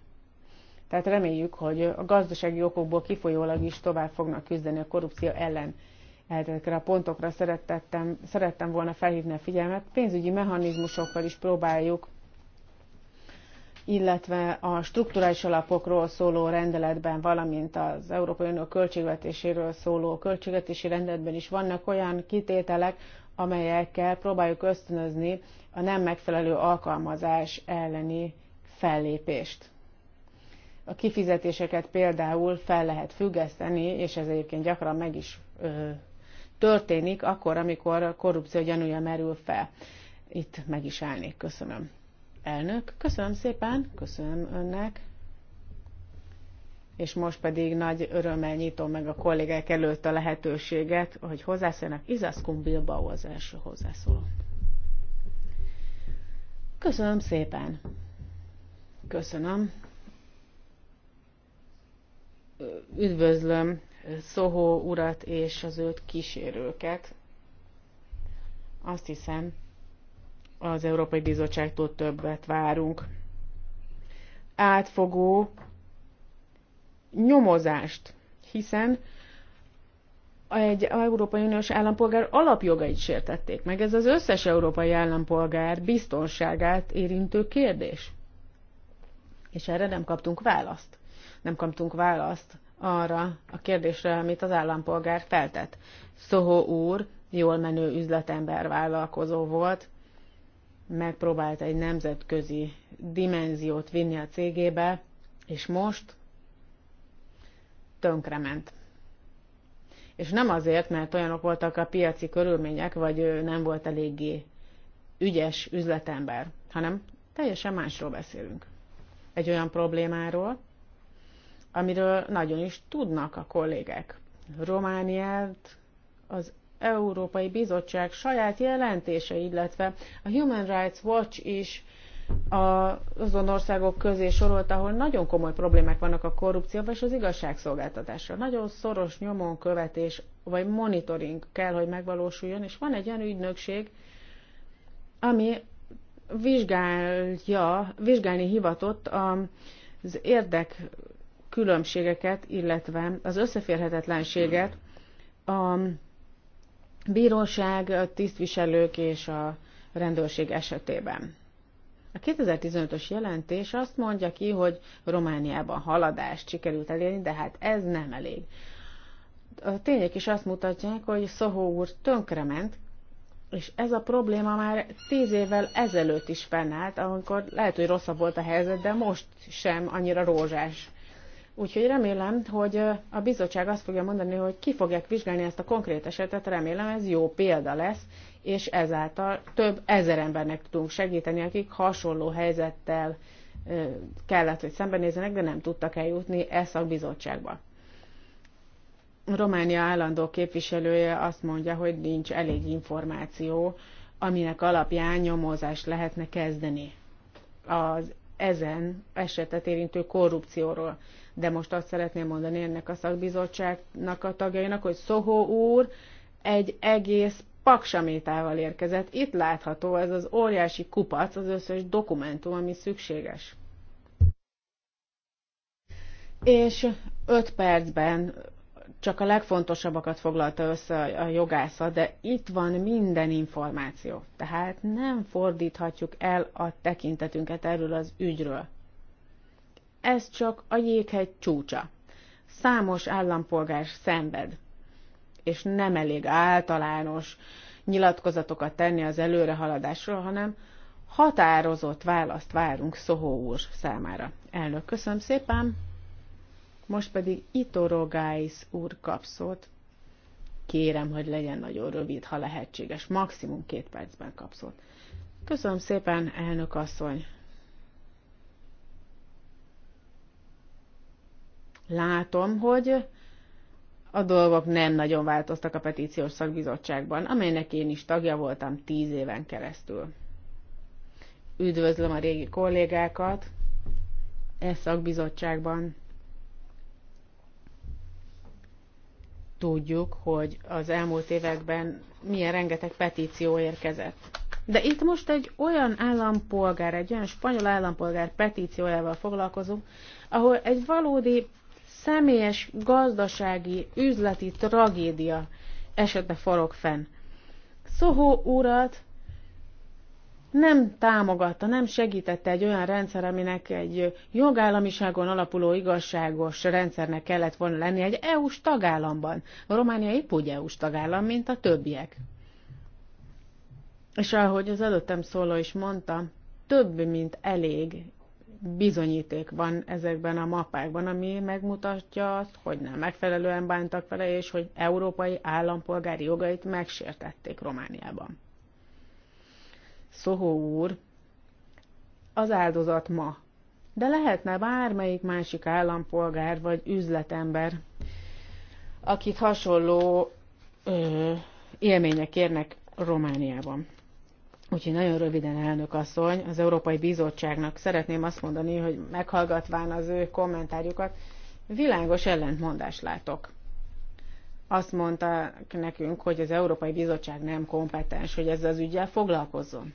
Tehát reméljük, hogy a gazdasági okokból kifolyólag is tovább fognak küzdeni a korrupció ellen ezekre a pontokra szerettem, szerettem volna felhívni a figyelmet. Pénzügyi mechanizmusokkal is próbáljuk, illetve a strukturális alapokról szóló rendeletben, valamint az Európai Unió költségvetéséről szóló költségvetési rendeletben is vannak olyan kitételek, amelyekkel próbáljuk ösztönözni a nem megfelelő alkalmazás elleni fellépést. A kifizetéseket például fel lehet függeszteni, és ez egyébként gyakran meg is történik akkor, amikor a korrupció gyanúja merül fel. Itt meg is állnék. Köszönöm. Elnök, köszönöm szépen, köszönöm önnek. És most pedig nagy örömmel nyitom meg a kollégák előtt a lehetőséget, hogy hozzászólnak Izaskun Bilbao az első hozzászóló. Köszönöm szépen. Köszönöm. Üdvözlöm Szohó urat és az őt kísérőket. Azt hiszem, az Európai Bizottságtól többet várunk. Átfogó nyomozást, hiszen egy Európai Uniós állampolgár alapjogait sértették meg. Ez az összes európai állampolgár biztonságát érintő kérdés. És erre nem kaptunk választ. Nem kaptunk választ arra a kérdésre, amit az állampolgár feltett. Szoho úr jól menő üzletember vállalkozó volt, megpróbált egy nemzetközi dimenziót vinni a cégébe, és most tönkrement. És nem azért, mert olyanok voltak a piaci körülmények, vagy ő nem volt eléggé ügyes üzletember, hanem teljesen másról beszélünk. Egy olyan problémáról, amiről nagyon is tudnak a kollégek. Romániát az Európai Bizottság saját jelentése, illetve a Human Rights Watch is azon országok közé sorolt, ahol nagyon komoly problémák vannak a korrupcióval és az igazságszolgáltatással. Nagyon szoros nyomon követés vagy monitoring kell, hogy megvalósuljon, és van egy olyan ügynökség, ami vizsgálja, vizsgálni hivatott az érdek különbségeket, illetve az összeférhetetlenséget a bíróság, a tisztviselők és a rendőrség esetében. A 2015-ös jelentés azt mondja ki, hogy Romániában haladást sikerült elérni, de hát ez nem elég. A tények is azt mutatják, hogy Szohó úr tönkrement, és ez a probléma már tíz évvel ezelőtt is fennállt, amikor lehet, hogy rosszabb volt a helyzet, de most sem annyira rózsás Úgyhogy remélem, hogy a bizottság azt fogja mondani, hogy ki fogják vizsgálni ezt a konkrét esetet, remélem ez jó példa lesz, és ezáltal több ezer embernek tudunk segíteni, akik hasonló helyzettel kellett, hogy szembenézzenek, de nem tudtak eljutni ezt a bizottságba. Románia állandó képviselője azt mondja, hogy nincs elég információ, aminek alapján nyomozást lehetne kezdeni az ezen esetet érintő korrupcióról de most azt szeretném mondani ennek a szakbizottságnak a tagjainak, hogy Szohó úr egy egész paksamétával érkezett. Itt látható ez az óriási kupac, az összes dokumentum, ami szükséges. És öt percben csak a legfontosabbakat foglalta össze a jogásza, de itt van minden információ. Tehát nem fordíthatjuk el a tekintetünket erről az ügyről ez csak a jéghegy csúcsa. Számos állampolgár szenved, és nem elég általános nyilatkozatokat tenni az előrehaladásról, hanem határozott választ várunk Szohó úr számára. Elnök, köszönöm szépen! Most pedig Itorogáis úr kapszót. Kérem, hogy legyen nagyon rövid, ha lehetséges. Maximum két percben kapszót. Köszönöm szépen, elnök asszony! látom, hogy a dolgok nem nagyon változtak a petíciós szakbizottságban, amelynek én is tagja voltam tíz éven keresztül. Üdvözlöm a régi kollégákat e szakbizottságban. Tudjuk, hogy az elmúlt években milyen rengeteg petíció érkezett. De itt most egy olyan állampolgár, egy olyan spanyol állampolgár petíciójával foglalkozunk, ahol egy valódi személyes gazdasági, üzleti tragédia esete forog fenn. Szohó urat nem támogatta, nem segítette egy olyan rendszer, aminek egy jogállamiságon alapuló igazságos rendszernek kellett volna lenni egy EU-s tagállamban. A Románia épp úgy EU-s tagállam, mint a többiek. És ahogy az előttem szóló is mondta, több, mint elég bizonyíték van ezekben a mappákban, ami megmutatja azt, hogy nem megfelelően bántak vele, és hogy európai állampolgári jogait megsértették Romániában. Szohó úr, az áldozat ma, de lehetne bármelyik másik állampolgár vagy üzletember, akit hasonló ö, élmények érnek Romániában. Úgyhogy nagyon röviden, elnök asszony, az Európai Bizottságnak szeretném azt mondani, hogy meghallgatván az ő kommentárjukat, világos ellentmondást látok. Azt mondta nekünk, hogy az Európai Bizottság nem kompetens, hogy ezzel az ügyel foglalkozzon.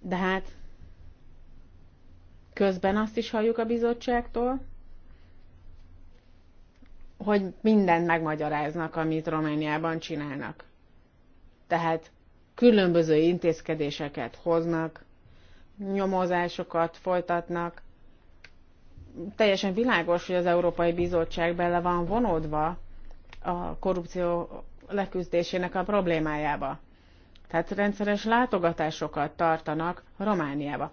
De hát közben azt is halljuk a bizottságtól, hogy mindent megmagyaráznak, amit Romániában csinálnak. Tehát különböző intézkedéseket hoznak, nyomozásokat folytatnak. Teljesen világos, hogy az Európai Bizottság bele van vonódva a korrupció leküzdésének a problémájába. Tehát rendszeres látogatásokat tartanak Romániába.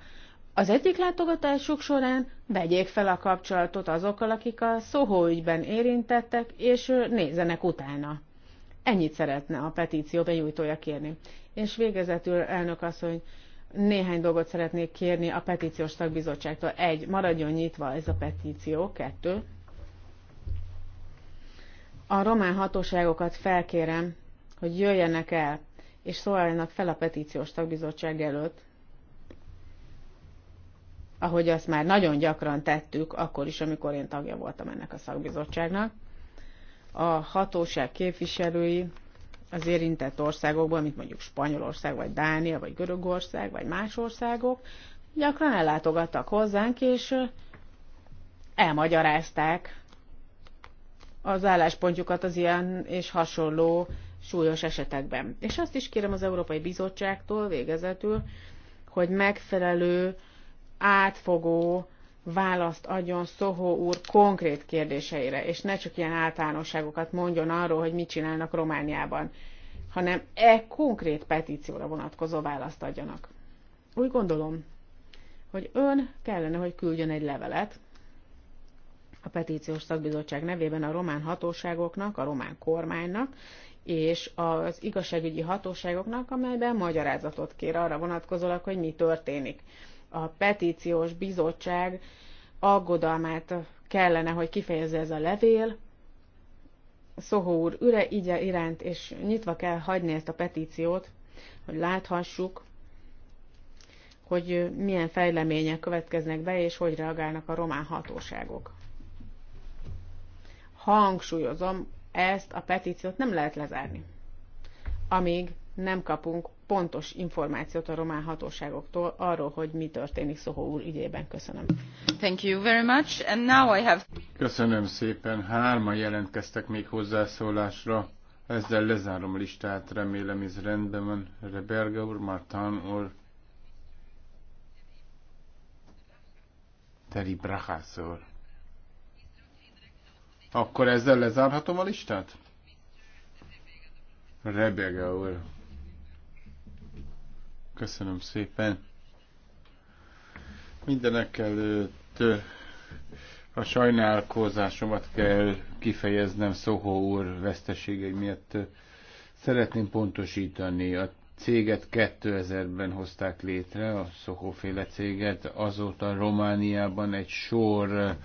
Az egyik látogatásuk során vegyék fel a kapcsolatot azokkal, akik a Soho ügyben érintettek, és nézenek utána. Ennyit szeretne a petíció benyújtója kérni. És végezetül, elnök asszony, néhány dolgot szeretnék kérni a petíciós tagbizottságtól. Egy, maradjon nyitva ez a petíció. Kettő, a román hatóságokat felkérem, hogy jöjjenek el, és szóljanak fel a petíciós tagbizottság előtt, ahogy azt már nagyon gyakran tettük, akkor is, amikor én tagja voltam ennek a szakbizottságnak. A hatóság képviselői az érintett országokban, mint mondjuk Spanyolország, vagy Dánia, vagy Görögország, vagy más országok, gyakran ellátogattak hozzánk, és elmagyarázták az álláspontjukat az ilyen és hasonló súlyos esetekben. És azt is kérem az Európai Bizottságtól végezetül, hogy megfelelő átfogó választ adjon Szohó úr konkrét kérdéseire, és ne csak ilyen általánosságokat mondjon arról, hogy mit csinálnak Romániában, hanem e konkrét petícióra vonatkozó választ adjanak. Úgy gondolom, hogy ön kellene, hogy küldjön egy levelet a petíciós szakbizottság nevében a román hatóságoknak, a román kormánynak, és az igazságügyi hatóságoknak, amelyben magyarázatot kér arra vonatkozólag, hogy mi történik a petíciós bizottság aggodalmát kellene, hogy kifejezze ez a levél. Szohó úr üre így iránt, és nyitva kell hagyni ezt a petíciót, hogy láthassuk, hogy milyen fejlemények következnek be, és hogy reagálnak a román hatóságok. Hangsúlyozom, ezt a petíciót nem lehet lezárni. Amíg nem kapunk pontos információt a román hatóságoktól arról, hogy mi történik Szohó úr ügyében. Köszönöm.
Thank you very much. And now I have...
Köszönöm szépen. Hárman jelentkeztek még hozzászólásra. Ezzel lezárom a listát, remélem ez rendben van. Reberga úr, Martán úr, Teri Brachász úr. Akkor ezzel lezárhatom a listát? Rebega úr. Köszönöm szépen. Mindenek előtt a sajnálkozásomat kell kifejeznem Szohó úr veszteségei miatt. Szeretném pontosítani, a céget 2000-ben hozták létre, a Szohóféle céget, azóta Romániában egy sor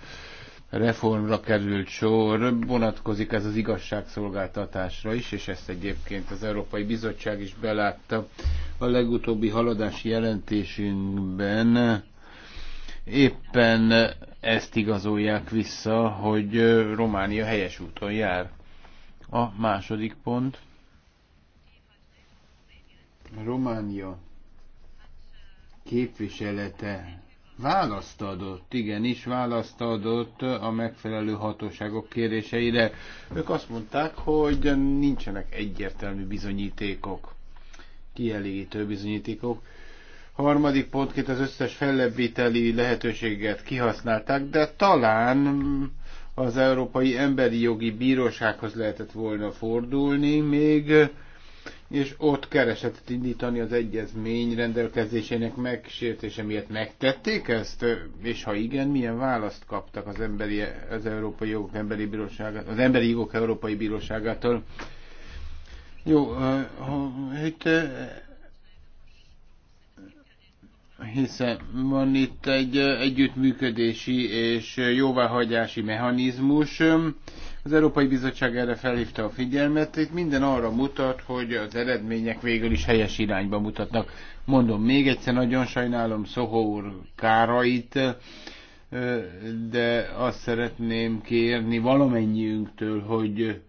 reformra került sor, vonatkozik ez az igazságszolgáltatásra is, és ezt egyébként az Európai Bizottság is belátta a legutóbbi haladási jelentésünkben. Éppen ezt igazolják vissza, hogy Románia helyes úton jár. A második pont. Románia képviselete választ adott, igenis választ adott a megfelelő hatóságok kéréseire. Ők azt mondták, hogy nincsenek egyértelmű bizonyítékok, kielégítő bizonyítékok. Harmadik pontként az összes fellebbíteli lehetőséget kihasználták, de talán az Európai Emberi Jogi Bírósághoz lehetett volna fordulni, még és ott keresetet indítani az egyezmény rendelkezésének megsértése miatt. Megtették ezt? És ha igen, milyen választ kaptak az, emberi, az Európai Jogok Emberi Bíróságától, az Emberi Jogok Európai Bíróságától? Jó, hát hiszen van itt egy együttműködési és jóváhagyási mechanizmus, az Európai Bizottság erre felhívta a figyelmet, itt minden arra mutat, hogy az eredmények végül is helyes irányba mutatnak. Mondom még egyszer, nagyon sajnálom Szohó úr kárait, de azt szeretném kérni valamennyiünktől, hogy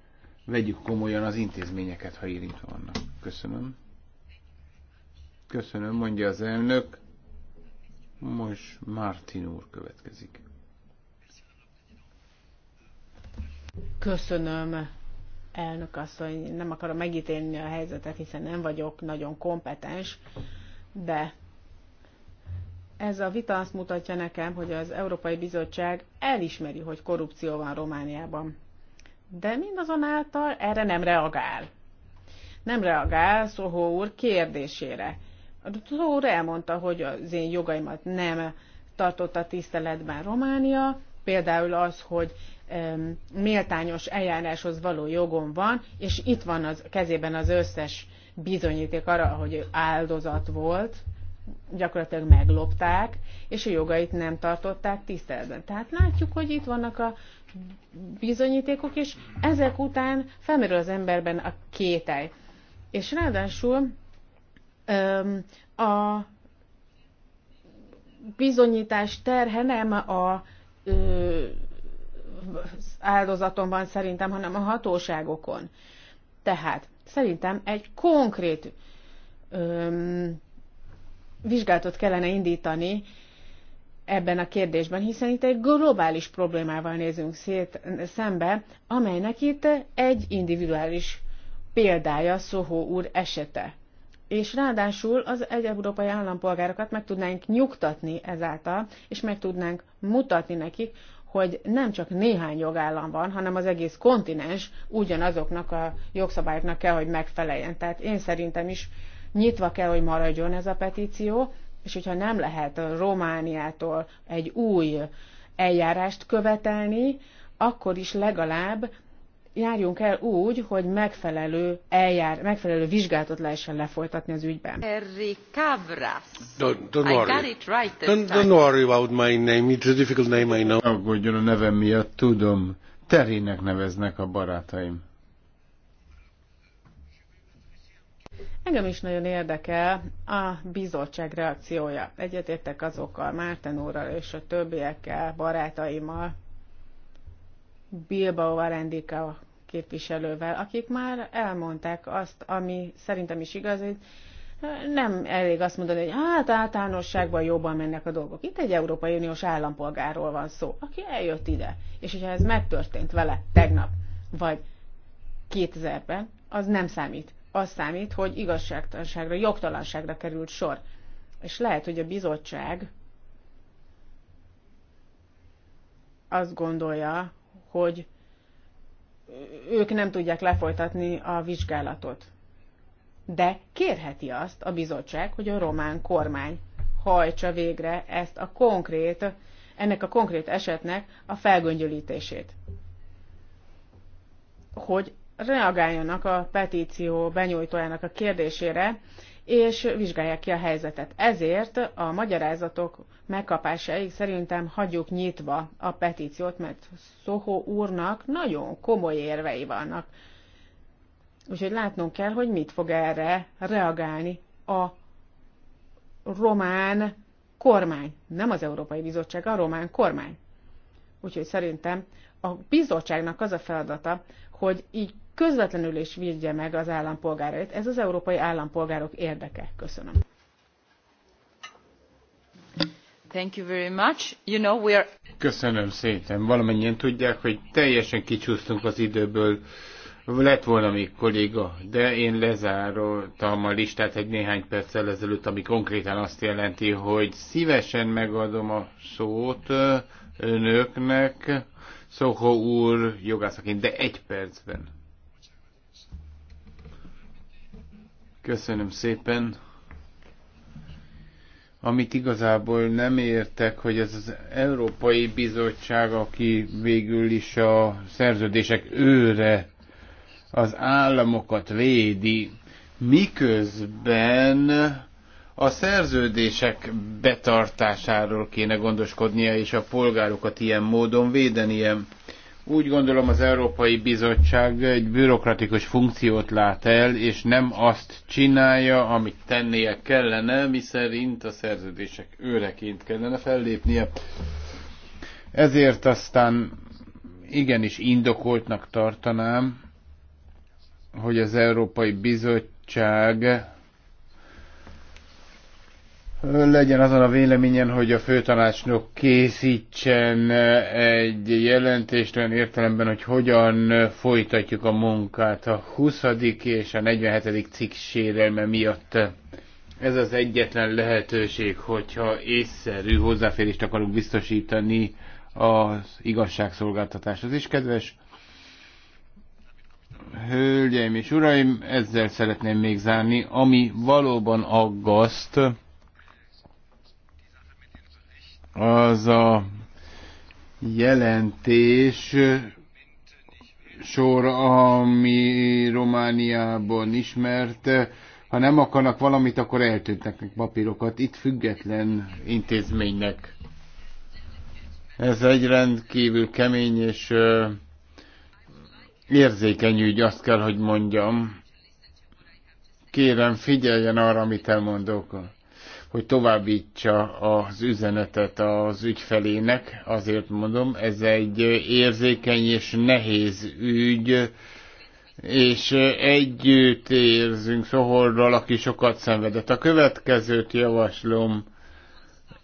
vegyük komolyan az intézményeket, ha érintve vannak. Köszönöm. Köszönöm, mondja az elnök. Most Martin úr következik.
Köszönöm, elnök asszony. Nem akarom megítélni a helyzetet, hiszen nem vagyok nagyon kompetens, de ez a vita azt mutatja nekem, hogy az Európai Bizottság elismeri, hogy korrupció van Romániában. De mindazonáltal erre nem reagál. Nem reagál Szóhó úr kérdésére. Szóhó úr elmondta, hogy az én jogaimat nem tartotta tiszteletben Románia, például az, hogy méltányos eljáráshoz való jogom van, és itt van az kezében az összes bizonyíték arra, hogy ő áldozat volt, gyakorlatilag meglopták, és a jogait nem tartották tiszteletben. Tehát látjuk, hogy itt vannak a bizonyítékok, és ezek után felmerül az emberben a kételj. És ráadásul öm, a bizonyítás terhe nem a ö, áldozaton van szerintem, hanem a hatóságokon. Tehát szerintem egy konkrét öm, vizsgálatot kellene indítani ebben a kérdésben, hiszen itt egy globális problémával nézünk szét, szembe, amelynek itt egy individuális példája Szohó úr esete. És ráadásul az egy-európai állampolgárokat meg tudnánk nyugtatni ezáltal, és meg tudnánk mutatni nekik, hogy nem csak néhány jogállam van, hanem az egész kontinens ugyanazoknak a jogszabályoknak kell, hogy megfeleljen. Tehát én szerintem is nyitva kell, hogy maradjon ez a petíció, és hogyha nem lehet a Romániától egy új eljárást követelni, akkor is legalább járjunk el úgy, hogy megfelelő eljár, megfelelő vizsgálatot lehessen lefolytatni az ügyben.
Harry Cabras.
Don't, don't
worry. I got it right don't, don't
worry about my name. It's a difficult name, I know. Aggódjon a nevem miatt, tudom. Terének neveznek a barátaim.
Engem is nagyon érdekel a bizottság reakciója. Egyetértek azokkal, Márten úrral és a többiekkel, barátaimmal, Bilbao Arendika képviselővel, akik már elmondták azt, ami szerintem is igaz, hogy nem elég azt mondani, hogy hát általánosságban jobban mennek a dolgok. Itt egy Európai Uniós állampolgárról van szó, aki eljött ide. És hogyha ez megtörtént vele tegnap, vagy 2000-ben, az nem számít. Az számít, hogy igazságtalanságra, jogtalanságra került sor. És lehet, hogy a bizottság azt gondolja, hogy ők nem tudják lefolytatni a vizsgálatot. De kérheti azt a bizottság, hogy a román kormány hajtsa végre ezt a konkrét, ennek a konkrét esetnek a felgöngyölítését. Hogy reagáljanak a petíció benyújtójának a kérdésére, és vizsgálják ki a helyzetet. Ezért a magyarázatok megkapásáig szerintem hagyjuk nyitva a petíciót, mert Szohó úrnak nagyon komoly érvei vannak. Úgyhogy látnunk kell, hogy mit fog erre reagálni a román kormány. Nem az Európai Bizottság, a román kormány. Úgyhogy szerintem a bizottságnak az a feladata, hogy így közvetlenül is védje meg az állampolgárait. Ez az európai állampolgárok érdeke. Köszönöm.
Thank you very much. You know, we are...
Köszönöm szépen. Valamennyien tudják, hogy teljesen kicsúsztunk az időből. Lett volna még kolléga, de én lezároltam a listát egy néhány perccel ezelőtt, ami konkrétan azt jelenti, hogy szívesen megadom a szót önöknek, Szóho úr jogászaként, de egy percben. Köszönöm szépen. Amit igazából nem értek, hogy ez az Európai Bizottság, aki végül is a szerződések őre az államokat védi, miközben a szerződések betartásáról kéne gondoskodnia, és a polgárokat ilyen módon védenie. Úgy gondolom az Európai Bizottság egy bürokratikus funkciót lát el, és nem azt csinálja, amit tennie kellene, miszerint a szerződések őreként kellene fellépnie. Ezért aztán igenis indokoltnak tartanám, hogy az Európai Bizottság legyen azon a véleményen, hogy a főtanácsnok készítsen egy jelentést olyan értelemben, hogy hogyan folytatjuk a munkát a 20. és a 47. cikk sérelme miatt. Ez az egyetlen lehetőség, hogyha észszerű hozzáférést akarunk biztosítani az igazságszolgáltatáshoz is, kedves Hölgyeim és uraim, ezzel szeretném még zárni, ami valóban aggaszt, az a jelentés sor, ami Romániában ismert, ha nem akarnak valamit, akkor eltűntek papírokat. Itt független intézménynek. Ez egy rendkívül kemény és érzékeny ügy, azt kell, hogy mondjam. Kérem, figyeljen arra, amit elmondok hogy továbbítsa az üzenetet az ügyfelének. Azért mondom, ez egy érzékeny és nehéz ügy, és együtt érzünk Szohorral, aki sokat szenvedett. A következőt javaslom.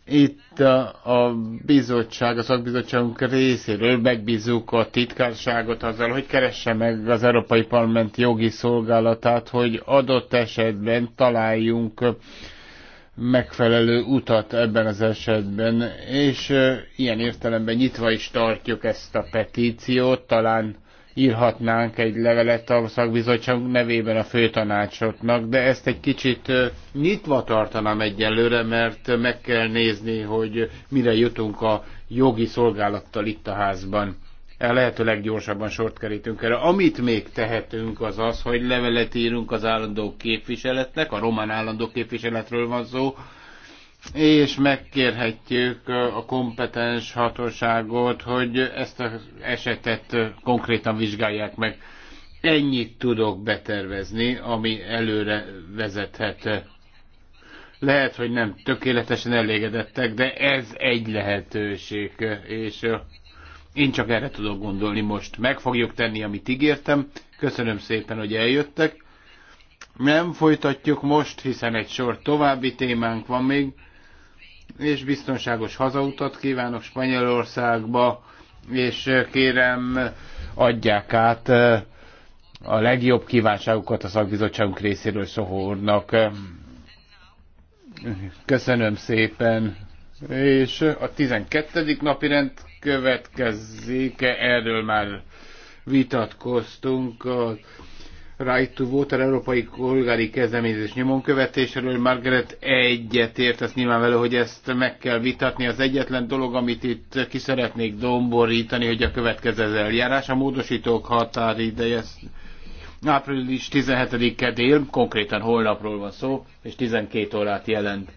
Itt a bizottság, a szakbizottságunk részéről megbízunk a titkárságot azzal, hogy keresse meg az Európai Parlament jogi szolgálatát, hogy adott esetben találjunk megfelelő utat ebben az esetben, és ilyen értelemben nyitva is tartjuk ezt a petíciót, talán írhatnánk egy levelet a szakbizottság nevében a főtanácsotnak, de ezt egy kicsit nyitva tartanám egyelőre, mert meg kell nézni, hogy mire jutunk a jogi szolgálattal itt a házban lehető leggyorsabban sort kerítünk erre. Amit még tehetünk az az, hogy levelet írunk az állandó képviseletnek, a román állandó képviseletről van szó, és megkérhetjük a kompetens hatóságot, hogy ezt az esetet konkrétan vizsgálják meg. Ennyit tudok betervezni, ami előre vezethet. Lehet, hogy nem tökéletesen elégedettek, de ez egy lehetőség, és én csak erre tudok gondolni most. Meg fogjuk tenni, amit ígértem. Köszönöm szépen, hogy eljöttek. Nem folytatjuk most, hiszen egy sor további témánk van még, és biztonságos hazautat kívánok Spanyolországba, és eh, kérem, adják át eh, a legjobb kívánságukat a szakbizottságunk részéről Szohórnak. Köszönöm szépen. És a 12. napi rend következzék, erről már vitatkoztunk. A Right to Water európai kolgári kezdeményezés nyomon követéséről Margaret egyetért, ezt nyilván vele, hogy ezt meg kell vitatni. Az egyetlen dolog, amit itt ki szeretnék domborítani, hogy a következő eljárás, a módosítók határideje, április 17-e dél, konkrétan holnapról van szó, és 12 órát jelent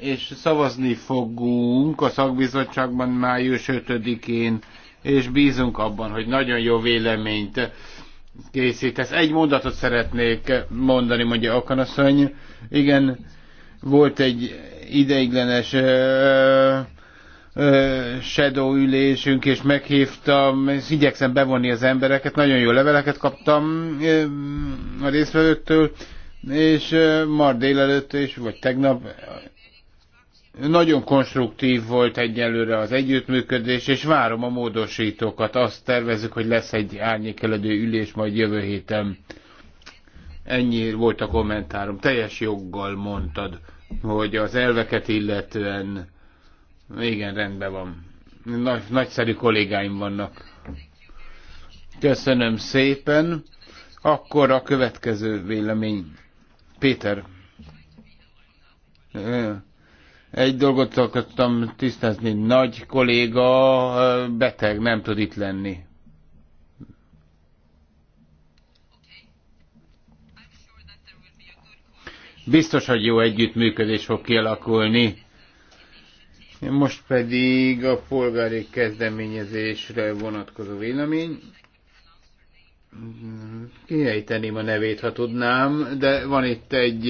és szavazni fogunk a szakbizottságban május 5-én, és bízunk abban, hogy nagyon jó véleményt készítesz. Egy mondatot szeretnék mondani, mondja Akanasszony. Igen, volt egy ideiglenes shadow ülésünk, és meghívtam, és igyekszem bevonni az embereket, nagyon jó leveleket kaptam a résztvevőktől, és ma délelőtt, és, vagy tegnap nagyon konstruktív volt egyelőre az együttműködés, és várom a módosítókat. Azt tervezük, hogy lesz egy árnyékeledő ülés majd jövő héten. Ennyi volt a kommentárom. Teljes joggal mondtad, hogy az elveket illetően igen, rendben van. Nagy, nagyszerű kollégáim vannak. Köszönöm szépen. Akkor a következő vélemény. Péter. Egy dolgot akartam tisztázni, nagy kolléga beteg, nem tud itt lenni. Biztos, hogy jó együttműködés fog kialakulni. Most pedig a polgári kezdeményezésre vonatkozó vélemény kiejteném a nevét, ha tudnám, de van itt egy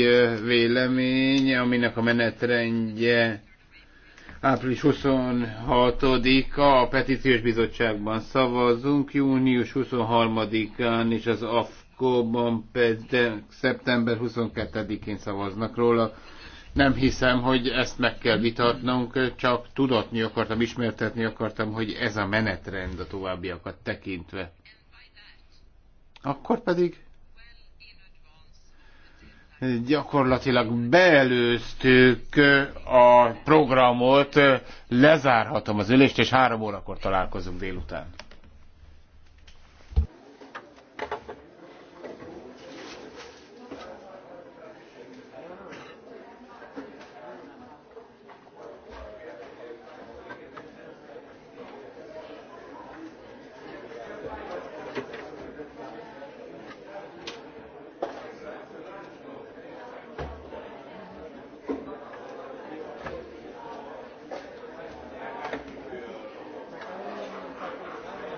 vélemény, aminek a menetrendje április 26-a a petíciós bizottságban szavazunk, június 23-án és az AFKO-ban pedig szeptember 22-én szavaznak róla. Nem hiszem, hogy ezt meg kell vitatnunk, csak tudatni akartam, ismertetni akartam, hogy ez a menetrend a továbbiakat tekintve akkor pedig gyakorlatilag beelőztük a programot, lezárhatom az ülést, és három órakor találkozunk délután.